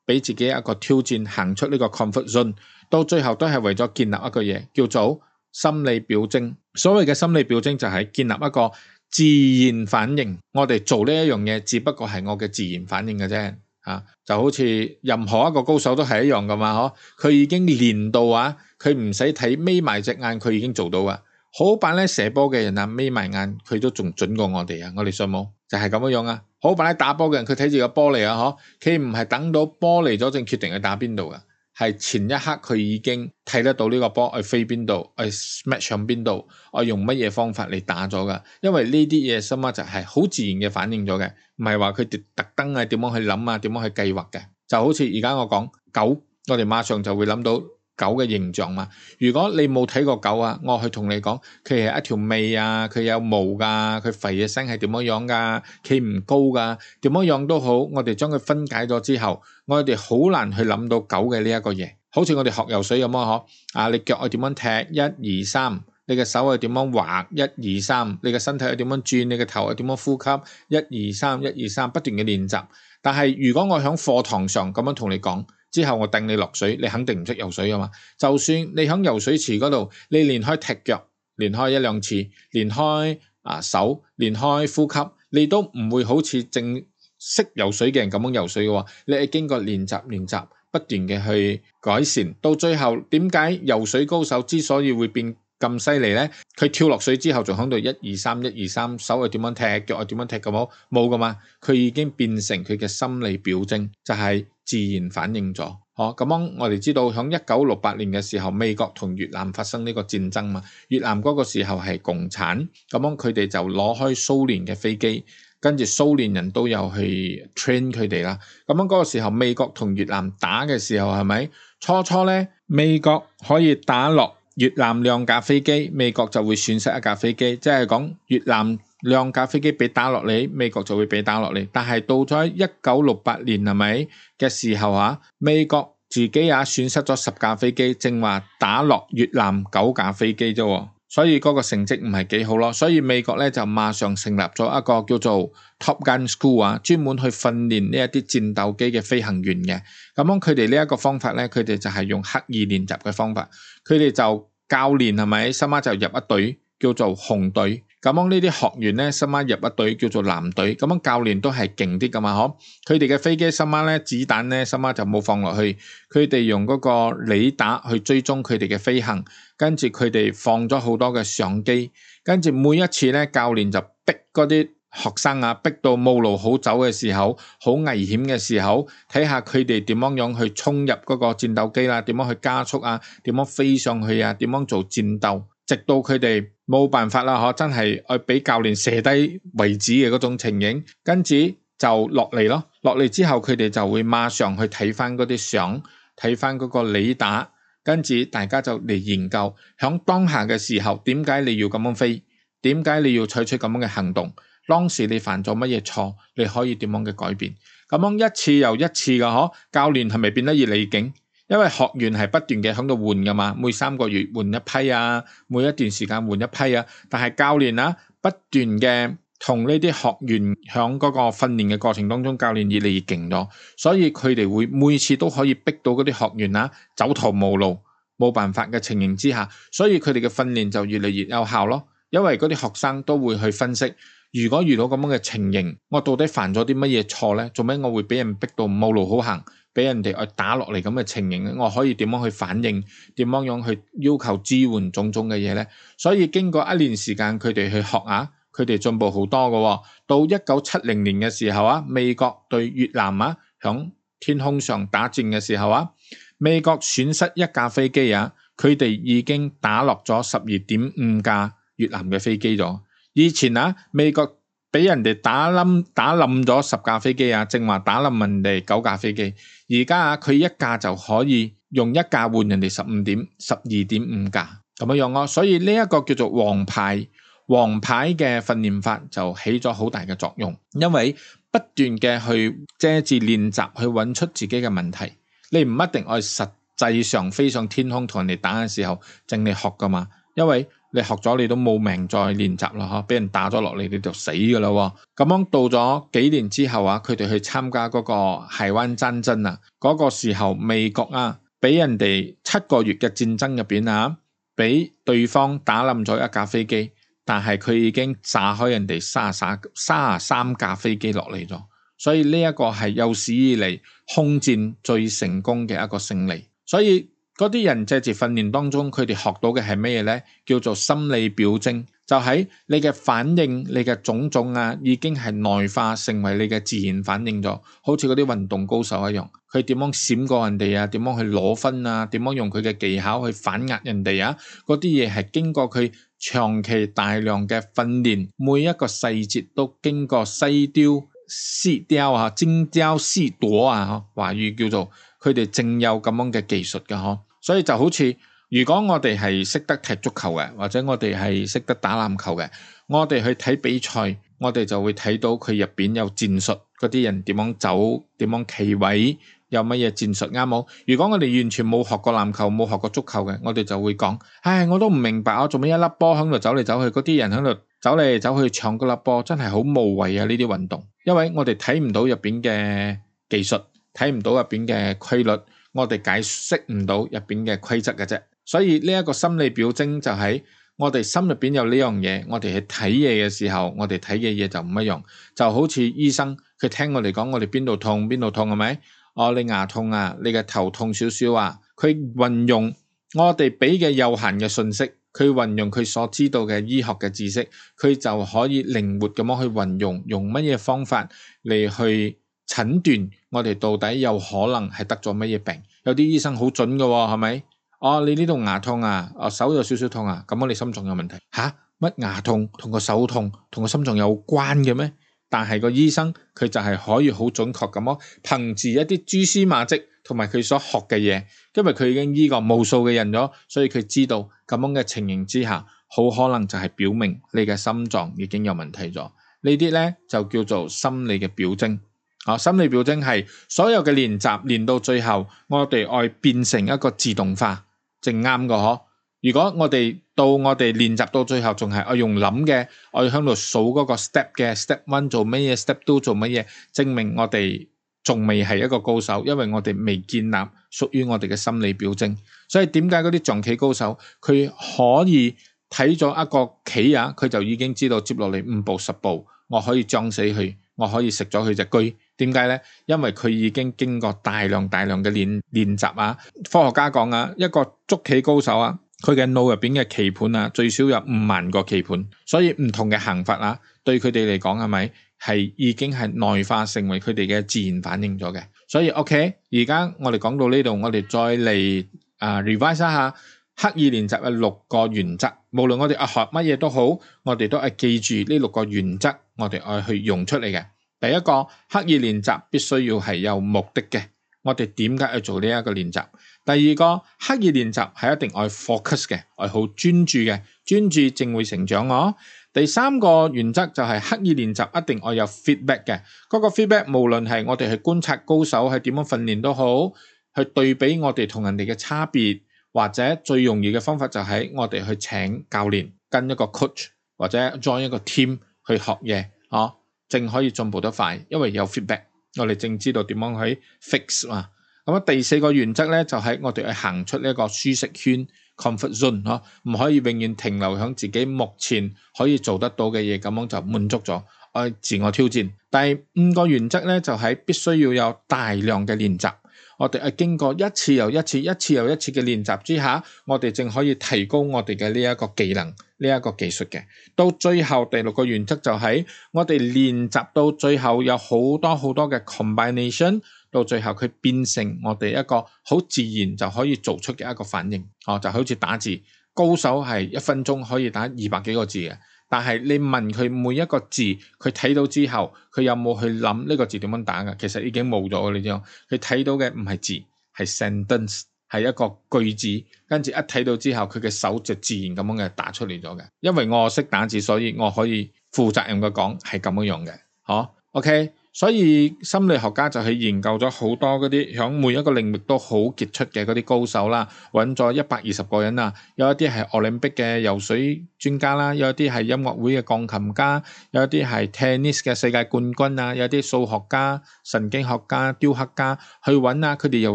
俾自己一個挑戰，行出呢個 comfort zone，到最後都係為咗建立一個嘢，叫做心理表徵，所謂嘅心理表徵就係建立一個自然反應。我哋做呢一樣嘢，只不過係我嘅自然反應嘅啫。啊，就好似任何一個高手都係一樣噶嘛，嗬、啊。佢已經練到啊，佢唔使睇眯埋隻眼，佢已經做到啊。好辦咧，射波嘅人啊，眯埋眼佢都仲準過我哋啊。我哋信冇？就係咁樣樣啊。好辦咧，打波嘅人佢睇住個波嚟啊，嗬。佢唔係等到波嚟咗正決定去打邊度噶。係前一刻佢已經睇得到呢個波去飛邊度，去 smash 上邊度，我用乜嘢方法嚟打咗㗎？因為呢啲嘢，什麼就係好自然嘅反應咗嘅，唔係話佢特登係點樣去諗啊點樣去計劃嘅，就好似而家我講狗，我哋馬上就會諗到。狗嘅形象嘛？如果你冇睇過狗啊，我去同你講，佢係一條尾啊，佢有毛噶，佢肥嘅聲係點樣樣噶，企唔高噶，點樣樣都好，我哋將佢分解咗之後，我哋好難去諗到狗嘅呢一個嘢，好似我哋學游水咁樣，嗬，啊你腳係點樣踢一二三，你嘅手係點樣劃一二三，你嘅身體係點樣轉，你嘅頭係點樣呼吸一二三一二,三,一二三，不斷嘅練習。但係如果我響課堂上咁樣同你講。之後我掟你落水，你肯定唔識游水㗎嘛！就算你喺游水池嗰度，你練開踢腳，練開一兩次，練開啊手，練開呼吸，你都唔會好似正識游水嘅人咁樣游水嘅喎。你係經過練習練習，不斷嘅去改善，到最後點解游水高手之所以會變，咁犀利咧，佢跳落水之後，仲響度一二三一二三，手又點樣踢，腳又點樣踢，咁好冇噶嘛？佢已經變成佢嘅心理表徵，就係自然反應咗。哦，咁樣我哋知道響一九六八年嘅時候，美國同越南發生呢個戰爭嘛？越南嗰個時候係共產，咁樣佢哋就攞開蘇聯嘅飛機，跟住蘇聯人都有去 train 佢哋啦。咁樣嗰個時候，美國同越南打嘅時候係咪初初咧？美國可以打落？越南兩架飛機，美國就會損失一架飛機，即係講越南兩架飛機俾打落嚟，美國就會俾打落嚟。但係到咗一九六八年係咪嘅時候啊，美國自己也、啊、損失咗十架飛機，正話打落越南九架飛機啫喎。所以嗰個成績唔係幾好咯，所以美國咧就馬上成立咗一個叫做 Top Gun School 啊，專門去訓練呢一啲戰鬥機嘅飛行員嘅。咁樣佢哋呢一個方法咧，佢哋就係用刻意練習嘅方法，佢哋就教練係咪？他媽就入一隊叫做紅隊。咁樣呢啲學員咧，新孖入一隊叫做藍隊，咁樣教練都係勁啲噶嘛？嗬，佢哋嘅飛機新孖咧，子彈咧新孖就冇放落去，佢哋用嗰個雷達去追蹤佢哋嘅飛行，跟住佢哋放咗好多嘅相機，跟住每一次咧，教練就逼嗰啲學生啊，逼到冇路好走嘅時候，好危險嘅時候，睇下佢哋點樣樣去沖入嗰個戰鬥機啦，點樣去加速啊，點樣飛上去啊，點樣做戰鬥。直到佢哋冇辦法啦，嗬，真係去俾教練射低為止嘅嗰種情形，跟住就落嚟咯。落嚟之後，佢哋就會馬上去睇翻嗰啲相，睇翻嗰個你打，跟住大家就嚟研究響當下嘅時候，點解你要咁樣飛？點解你要採取咁樣嘅行動？當時你犯咗乜嘢錯？你可以點樣嘅改變？咁樣一次又一次嘅，嗬，教練係咪變得越嚟勁？因為學員係不斷嘅響度換噶嘛，每三個月換一批啊，每一段時間換一批啊。但係教練啊，不斷嘅同呢啲學員響嗰個訓練嘅過程當中，教練越嚟越勁咗，所以佢哋會每次都可以逼到嗰啲學員啊走投無路，冇辦法嘅情形之下，所以佢哋嘅訓練就越嚟越有效咯。因為嗰啲學生都會去分析。如果遇到咁樣嘅情形，我到底犯咗啲乜嘢錯呢？做咩我會俾人逼到冇路好行，俾人哋去打落嚟，咁嘅情形咧？我可以點樣去反應？點樣樣去要求支援種種嘅嘢呢？所以經過一年時間，佢哋去學啊，佢哋進步好多噶喎。到一九七零年嘅時候啊，美國對越南啊響天空上打戰嘅時候啊，美國損失一架飛機啊，佢哋已經打落咗十二點五架越南嘅飛機咗。以前啊，美國俾人哋打冧，打冧咗十架飛機啊，正話打冧人哋九架飛機。而家啊，佢一架就可以用一架換人哋十五點、十二點五架咁樣樣、啊、咯。所以呢一個叫做王牌王牌嘅訓練法就起咗好大嘅作用，因為不斷嘅去遮住練習，去揾出自己嘅問題。你唔一定愛實際上飛上天空同人哋打嘅時候正嚟學噶嘛，因為。你學咗你都冇命再練習啦吓，俾人打咗落嚟你就死噶啦。咁樣到咗幾年之後啊，佢哋去參加嗰個海灣戰爭啊，嗰、嗰個時候美國啊，俾人哋七個月嘅戰爭入邊啊，俾對方打冧咗一架飛機，但係佢已經炸開人哋卅卅卅三架飛機落嚟咗，所以呢一個係有史以嚟空戰最成功嘅一個勝利，所以。嗰啲人借住訓練當中，佢哋學到嘅係乜嘢咧？叫做心理表徵，就係、是、你嘅反應，你嘅種種啊，已經係內化成為你嘅自然反應咗。好似嗰啲運動高手一樣，佢點樣閃過人哋啊？點樣去攞分啊？點樣用佢嘅技巧去反壓人哋啊？嗰啲嘢係經過佢長期大量嘅訓練，每一個細節都經過西雕、師雕啊、精雕細琢啊，華語叫做佢哋正有咁樣嘅技術嘅呵。所以就好似，如果我哋係識得踢足球嘅，或者我哋係識得打籃球嘅，我哋去睇比賽，我哋就會睇到佢入邊有戰術，嗰啲人點樣走，點樣企位，有乜嘢戰術，啱冇？如果我哋完全冇學過籃球，冇學過足球嘅，我哋就會講：唉，我都唔明白，我做乜一粒波喺度走嚟走去，嗰啲人喺度走嚟走去搶嗰粒波，真係好無謂啊！呢啲運動，因為我哋睇唔到入邊嘅技術，睇唔到入邊嘅規律。我哋解釋唔到入邊嘅規則嘅啫，所以呢一個心理表徵就喺我哋心入邊有呢樣嘢，我哋去睇嘢嘅時候，我哋睇嘅嘢就唔一樣。就好似醫生，佢聽我哋講我哋邊度痛邊度痛係咪？哦，oh, 你牙痛啊，你嘅頭痛少少啊。佢運用我哋俾嘅有限嘅信息，佢運用佢所知道嘅醫學嘅知識，佢就可以靈活咁樣去運用，用乜嘢方法嚟去。診斷我哋到底有可能係得咗乜嘢病？有啲醫生好準嘅喎，哦，係咪？哦，你呢度牙痛啊，啊手有少少痛啊，咁我哋心臟有問題嚇？乜牙痛同個手痛同個心臟有關嘅咩？但係個醫生佢就係可以好準確咁樣憑住一啲蛛絲馬跡同埋佢所學嘅嘢，因為佢已經醫過無數嘅人咗，所以佢知道咁樣嘅情形之下，好可能就係表明你嘅心臟已經有問題咗。呢啲咧就叫做心理嘅表徵。啊，心理表徵係所有嘅練習練到最後，我哋愛變成一個自動化，正啱嘅嗬。如果我哋到我哋練習到最後仲係我用諗嘅，我響度數嗰個 step 嘅 step one 做乜嘢，step two 做乜嘢，證明我哋仲未係一個高手，因為我哋未建立屬於我哋嘅心理表徵。所以點解嗰啲象棋高手佢可以睇咗一個棋啊，佢就已經知道接落嚟五步十步，我可以將死佢，我可以食咗佢隻駒。點解咧？因為佢已經經過大量大量嘅練練習啊！科學家講啊，一個捉棋高手啊，佢嘅腦入邊嘅棋盤啊，最少有五萬個棋盤，所以唔同嘅行法啊，對佢哋嚟講係咪係已經係內化成為佢哋嘅自然反應咗嘅？所以 OK，而家我哋講到呢度，我哋再嚟啊 revise 一下刻意練習嘅六個原則。無論我哋學乜嘢都好，我哋都係記住呢六個原則，我哋愛去用出嚟嘅。第一個刻意練習必須要係有目的嘅，我哋點解要做呢一個練習？第二個刻意練習係一定愛 focus 嘅，愛好專注嘅，專注正會成長哦。第三個原則就係刻意練習一定愛有 feedback 嘅，嗰個 feedback 無論係我哋去觀察高手係點樣訓練都好，去對比我哋同人哋嘅差別，或者最容易嘅方法就係我哋去請教練跟一個 coach 或者 join 一個 team 去學嘢哦。正可以進步得快，因為有 feedback，我哋正知道點樣去 fix 嘛。咁啊，第四個原則咧，就係我哋去行出呢一個舒適圈 comfort zone，唔可以永遠停留喺自己目前可以做得到嘅嘢，咁樣就滿足咗。我自我挑戰。第五個原則咧，就係必須要有大量嘅練習。我哋係經過一次又一次、一次又一次嘅練習之下，我哋正可以提高我哋嘅呢一個技能。呢一個技術嘅，到最後第六個原則就係我哋練習到最後有好多好多嘅 combination，到最後佢變成我哋一個好自然就可以做出嘅一個反應，哦，就好似打字，高手係一分鐘可以打二百幾個字嘅，但係你問佢每一個字，佢睇到之後佢有冇去諗呢個字點樣打㗎，其實已經冇咗，你知？佢睇到嘅唔係字，係 sentence。係一個句子，跟住一睇到之後，佢嘅手就自然咁樣嘅打出嚟咗嘅。因為我識打字，所以我可以負責任嘅講係咁樣用嘅。吓，OK。所以心理學家就去研究咗好多嗰啲響每一個領域都好傑出嘅嗰啲高手啦，揾咗一百二十個人啊，有一啲係奧林匹嘅游水專家啦，有一啲係音樂會嘅鋼琴家，有一啲係 tennis 嘅世界冠軍啊，有啲數學家、神經學家、雕刻家去揾啊，佢哋由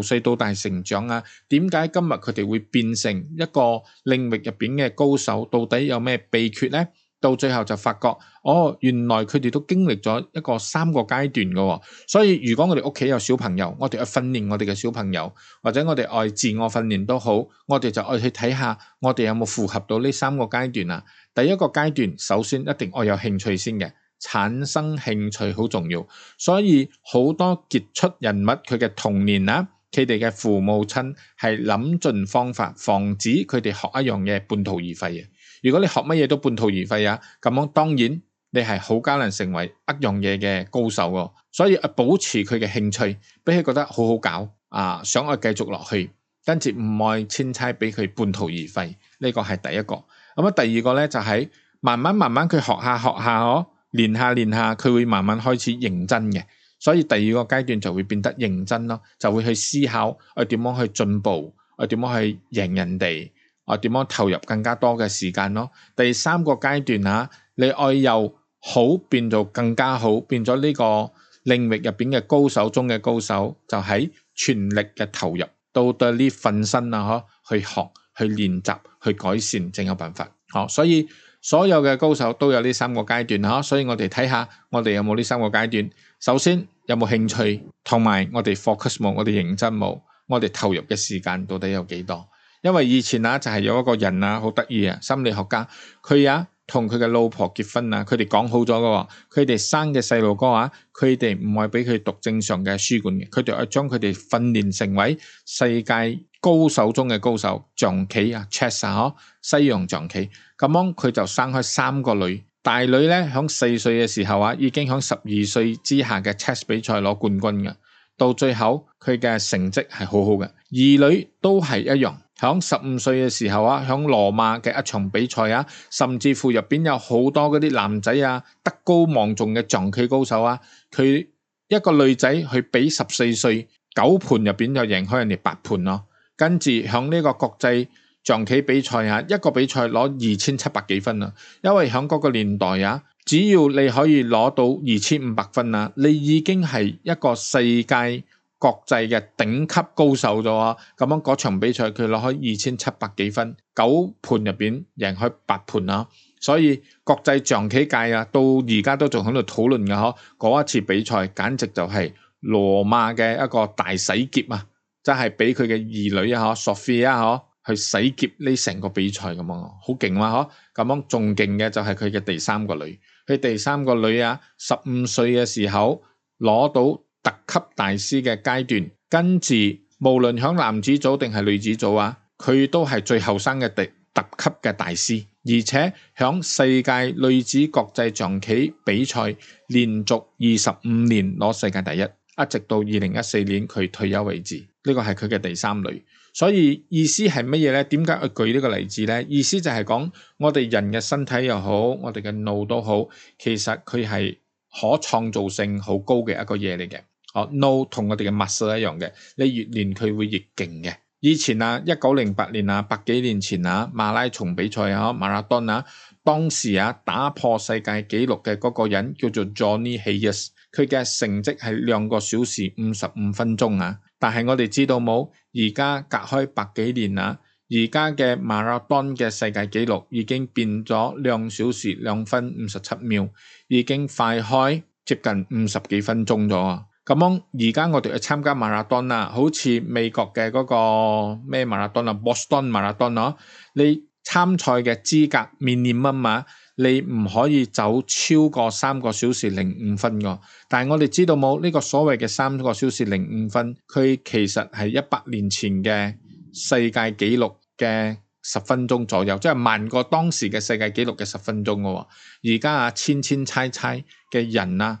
細到大成長啊，點解今日佢哋會變成一個領域入邊嘅高手？到底有咩秘訣呢？到最後就發覺，哦，原來佢哋都經歷咗一個三個階段嘅。哦，所以如果我哋屋企有小朋友，我哋去訓練我哋嘅小朋友，或者我哋愛自我訓練都好，我哋就愛去睇下我哋有冇符合到呢三個階段啊。第一個階段，首先一定愛有興趣先嘅，產生興趣好重要。所以好多傑出人物，佢嘅童年啊，佢哋嘅父母親係諗盡方法防止佢哋學一樣嘢半途而廢嘅。如果你學乜嘢都半途而廢呀，咁樣當然你係好艱難成為一樣嘢嘅高手噶，所以啊，保持佢嘅興趣，俾佢覺得好好搞啊，想我繼續落去，跟住唔愛千差，俾佢半途而廢，呢個係第一個。咁啊第二個咧就係慢慢慢慢佢學下學下哦，練下練下，佢會慢慢開始認真嘅，所以第二個階段就會變得認真咯，就會去思考我點樣去進步，我點樣去贏人哋。我點樣投入更加多嘅時間咯？第三個階段吓、啊，你愛由好變做更加好，變咗呢個領域入邊嘅高手中嘅高手，就喺全力嘅投入到對呢份身啊，嗬，去學、去練習、去改善，正有辦法。哦、啊，所以所有嘅高手都有呢三個階段，嗬、啊。所以我哋睇下我哋有冇呢三個階段。首先有冇興趣，同埋我哋 focus 冇，我哋認真冇，我哋投入嘅時間到底有幾多？因為以前啊，就係有一個人啊，好得意啊，心理學家。佢啊，同佢嘅老婆結婚啊，佢哋講好咗嘅。佢哋生嘅細路哥啊，佢哋唔係俾佢讀正常嘅書館嘅，佢哋係將佢哋訓練成為世界高手中嘅高手，象棋啊，Chess 嗬、啊，西洋象棋。咁樣佢就生開三個女，大女咧響四歲嘅時候啊，已經響十二歲之下嘅 Chess 比賽攞冠軍嘅。到最後佢嘅成績係好好嘅，二女都係一樣。響十五歲嘅時候啊，響羅馬嘅一場比賽啊，甚至乎入邊有好多嗰啲男仔啊，德高望重嘅象棋高手啊，佢一個女仔去比十四歲九盤入邊就贏開人哋八盤咯，跟住響呢個國際象棋比賽啊，一個比賽攞二千七百幾分啊，因為響嗰個年代啊，只要你可以攞到二千五百分啊，你已經係一個世界。國際嘅頂級高手咗，啊，咁樣嗰場比賽佢攞開二千七百幾分，九盤入邊贏開八盤啊。所以國際象棋界啊，到而家都仲喺度討論嘅嗬，嗰一次比賽簡直就係羅馬嘅一個大洗劫啊，真係俾佢嘅二女啊嗬，Sophia 啊嗬，去洗劫呢成個比賽咁啊，好勁嘛嗬，咁樣仲勁嘅就係佢嘅第三個女，佢第三個女啊，十五歲嘅時候攞到。特級大師嘅階段，跟住無論響男子組定係女子組啊，佢都係最後生嘅特級嘅大師，而且響世界女子國際象棋比賽連續二十五年攞世界第一，一直到二零一四年佢退休為止。呢個係佢嘅第三女，所以意思係乜嘢呢？點解我舉呢個例子呢？意思就係講我哋人嘅身體又好，我哋嘅腦都好，其實佢係可創造性好高嘅一個嘢嚟嘅。哦、oh,，no 同我哋嘅密數一樣嘅，你越練佢會越勁嘅。以前啊，一九零八年啊，百幾年前啊，馬拉松比賽啊，馬拉松啊，當時啊打破世界紀錄嘅嗰個人叫做 Johnny Hayes，佢嘅成績係兩個小時五十五分鐘啊。但係我哋知道冇，而家隔開百幾年啊，而家嘅馬拉松嘅世界紀錄已經變咗兩小時兩分五十七秒，已經快開接近五十幾分鐘咗。咁樣而家我哋去參加馬拉松啦，好似美國嘅嗰個咩馬拉松啊，Boston 馬拉松嗬，你參賽嘅資格面面乜嘛，你唔可以走超過三個小時零五分嘅。但係我哋知道冇？呢個所謂嘅三個小時零五分，佢其實係一百年前嘅世界紀錄嘅十分鐘左右，即係慢過當時嘅世界紀錄嘅十分鐘嘅。而家啊，千千猜猜嘅人啊。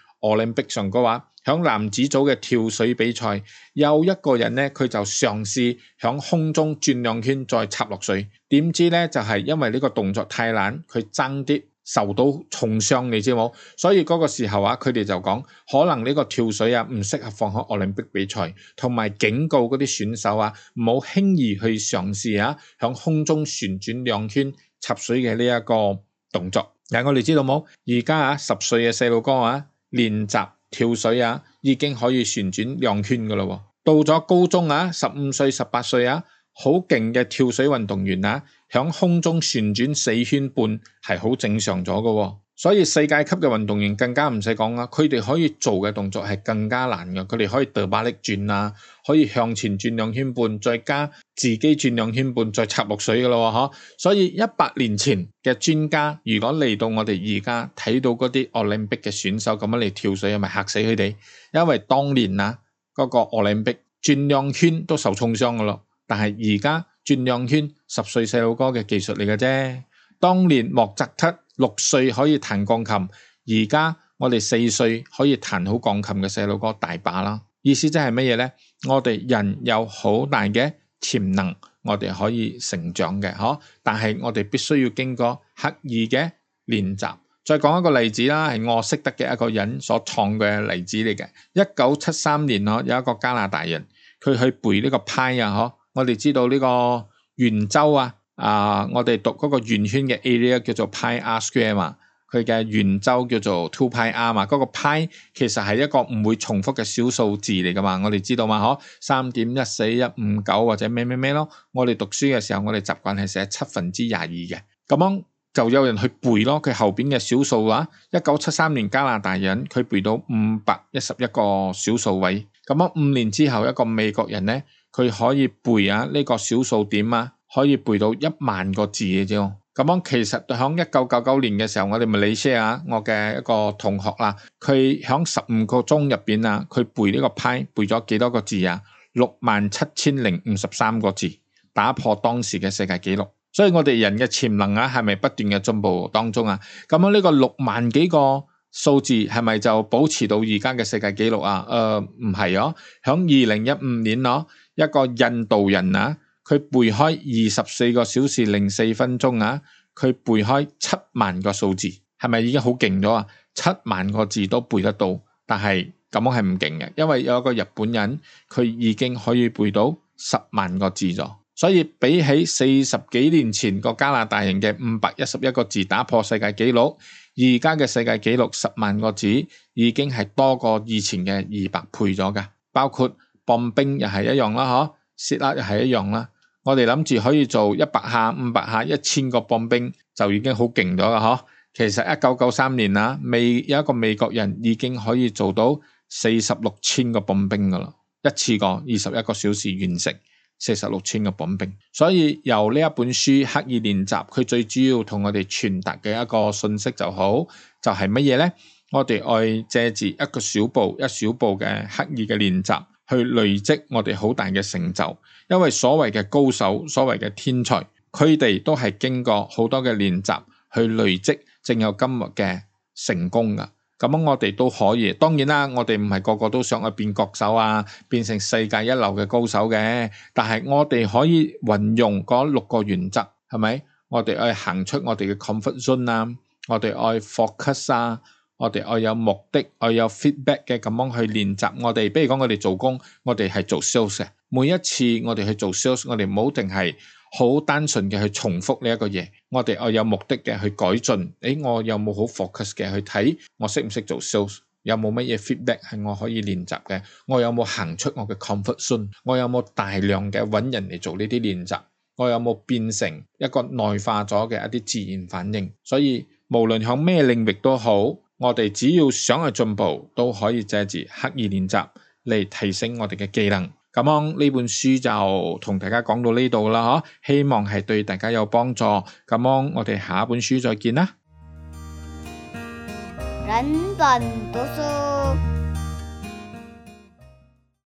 奧林匹克上嘅話，響男子組嘅跳水比賽，有一個人呢，佢就嘗試響空中轉兩圈再插落水，點知呢，就係、是、因為呢個動作太難，佢爭啲受到重傷，你知冇？所以嗰個時候啊，佢哋就講可能呢個跳水啊唔適合放喺奧林匹克比賽，同埋警告嗰啲選手啊，唔好輕易去嘗試啊響空中旋轉兩圈插水嘅呢一個動作。但係我哋知道冇，而家啊十歲嘅細路哥啊。練習跳水啊，已經可以旋轉兩圈噶啦。到咗高中啊，十五歲、十八歲啊，好勁嘅跳水運動員啊，響空中旋轉四圈半，係好正常咗噶。所以世界級嘅運動員更加唔使講啦，佢哋可以做嘅動作係更加難嘅，佢哋可以大把力轉啊，可以向前轉兩圈半，再加自己轉兩圈半再插落水噶咯，吓！所以一百年前嘅專家，如果嚟到我哋而家睇到嗰啲奧林匹克嘅選手咁樣嚟跳水，係咪嚇死佢哋？因為當年啊，嗰個奧林匹克轉兩圈都受重傷噶咯，但係而家轉兩圈十歲細路哥嘅技術嚟嘅啫，當年莫扎特。六歲可以彈鋼琴，而家我哋四歲可以彈好鋼琴嘅細路哥大把啦。意思即係乜嘢呢？我哋人有好大嘅潛能，我哋可以成長嘅，嗬。但係我哋必須要經過刻意嘅練習。再講一個例子啦，係我識得嘅一個人所創嘅例子嚟嘅。一九七三年嗬，有一個加拿大人，佢去背呢個派啊，嗬。我哋知道呢個圓周啊。啊、呃，我哋讀嗰個圓圈嘅 area 叫做 Pi r square 嘛，佢嘅圓周叫做 two Pi r 嘛。嗰、那個、Pi 其實係一個唔會重複嘅小數字嚟噶嘛，我哋知道嘛，嗬、哦，三點一四一五九或者咩咩咩咯。我哋讀書嘅時候，我哋習慣係寫七分之廿二嘅。咁樣就有人去背咯。佢後邊嘅小數啊，一九七三年加拿大人，佢背到五百一十一個小數位。咁樣五年之後，一個美國人呢，佢可以背啊呢、這個小數點啊。可以背到一萬個字嘅啫。咁樣其實喺一九九九年嘅時候，我哋咪理 s i 啊，我嘅一個同學啦，佢喺十五個鐘入邊啊，佢背呢個派背咗幾多個字啊？六萬七千零五十三個字，打破當時嘅世界紀錄。所以我哋人嘅潛能啊，係咪不,不斷嘅進步當中啊？咁樣呢個六萬幾個數字係咪就保持到而家嘅世界紀錄啊？誒、呃，唔係哦，喺二零一五年哦，一個印度人啊。佢背開二十四個小時零四分鐘啊！佢背開七萬個數字，係咪已經好勁咗啊？七萬個字都背得到，但係咁樣係唔勁嘅，因為有一個日本人，佢已經可以背到十萬個字咗。所以比起四十幾年前個加拿大人嘅五百一十一個字打破世界紀錄，而家嘅世界紀錄十萬個字已經係多過以前嘅二百倍咗噶。包括棒冰又係一樣啦，嗬、啊，雪鴨又係一樣啦。我哋諗住可以做一百下、五百下、一千個磅冰，就已經好勁咗啦，嗬！其實一九九三年啦，美有一個美國人已經可以做到四十六千個磅冰噶啦，一次過二十一個小時完成四十六千個磅冰。所以由呢一本書刻意練習，佢最主要同我哋傳達嘅一個信息就好，就係乜嘢呢？我哋愛借住一個小步、一小步嘅刻意嘅練習，去累積我哋好大嘅成就。因為所謂嘅高手，所謂嘅天才，佢哋都係經過好多嘅練習去累積，正有今日嘅成功噶。咁我哋都可以。當然啦，我哋唔係個個都想去變國手啊，變成世界一流嘅高手嘅。但係我哋可以運用嗰六個原則，係咪？我哋去行出我哋嘅 comfort zone 啊，我哋愛 focus 啊。我哋愛有目的，愛有 feedback 嘅咁樣去練習我。我哋比如講，我哋做工，我哋係做 sales。每一次我哋去做 sales，我哋唔好定係好單純嘅去重複呢一個嘢，我哋愛有目的嘅去改進。誒，我有冇好 focus 嘅去睇我識唔識做 sales？有冇乜嘢 feedback 係我可以練習嘅？我有冇行出我嘅 comfort zone？我有冇大量嘅揾人嚟做呢啲練習？我有冇變成一個內化咗嘅一啲自然反應？所以無論響咩領域都好。我哋只要想去進步，都可以借住刻意練習嚟提升我哋嘅技能。咁樣呢本書就同大家講到呢度啦，吓、啊，希望係對大家有幫助。咁我哋下一本書再見啦。人本讀書。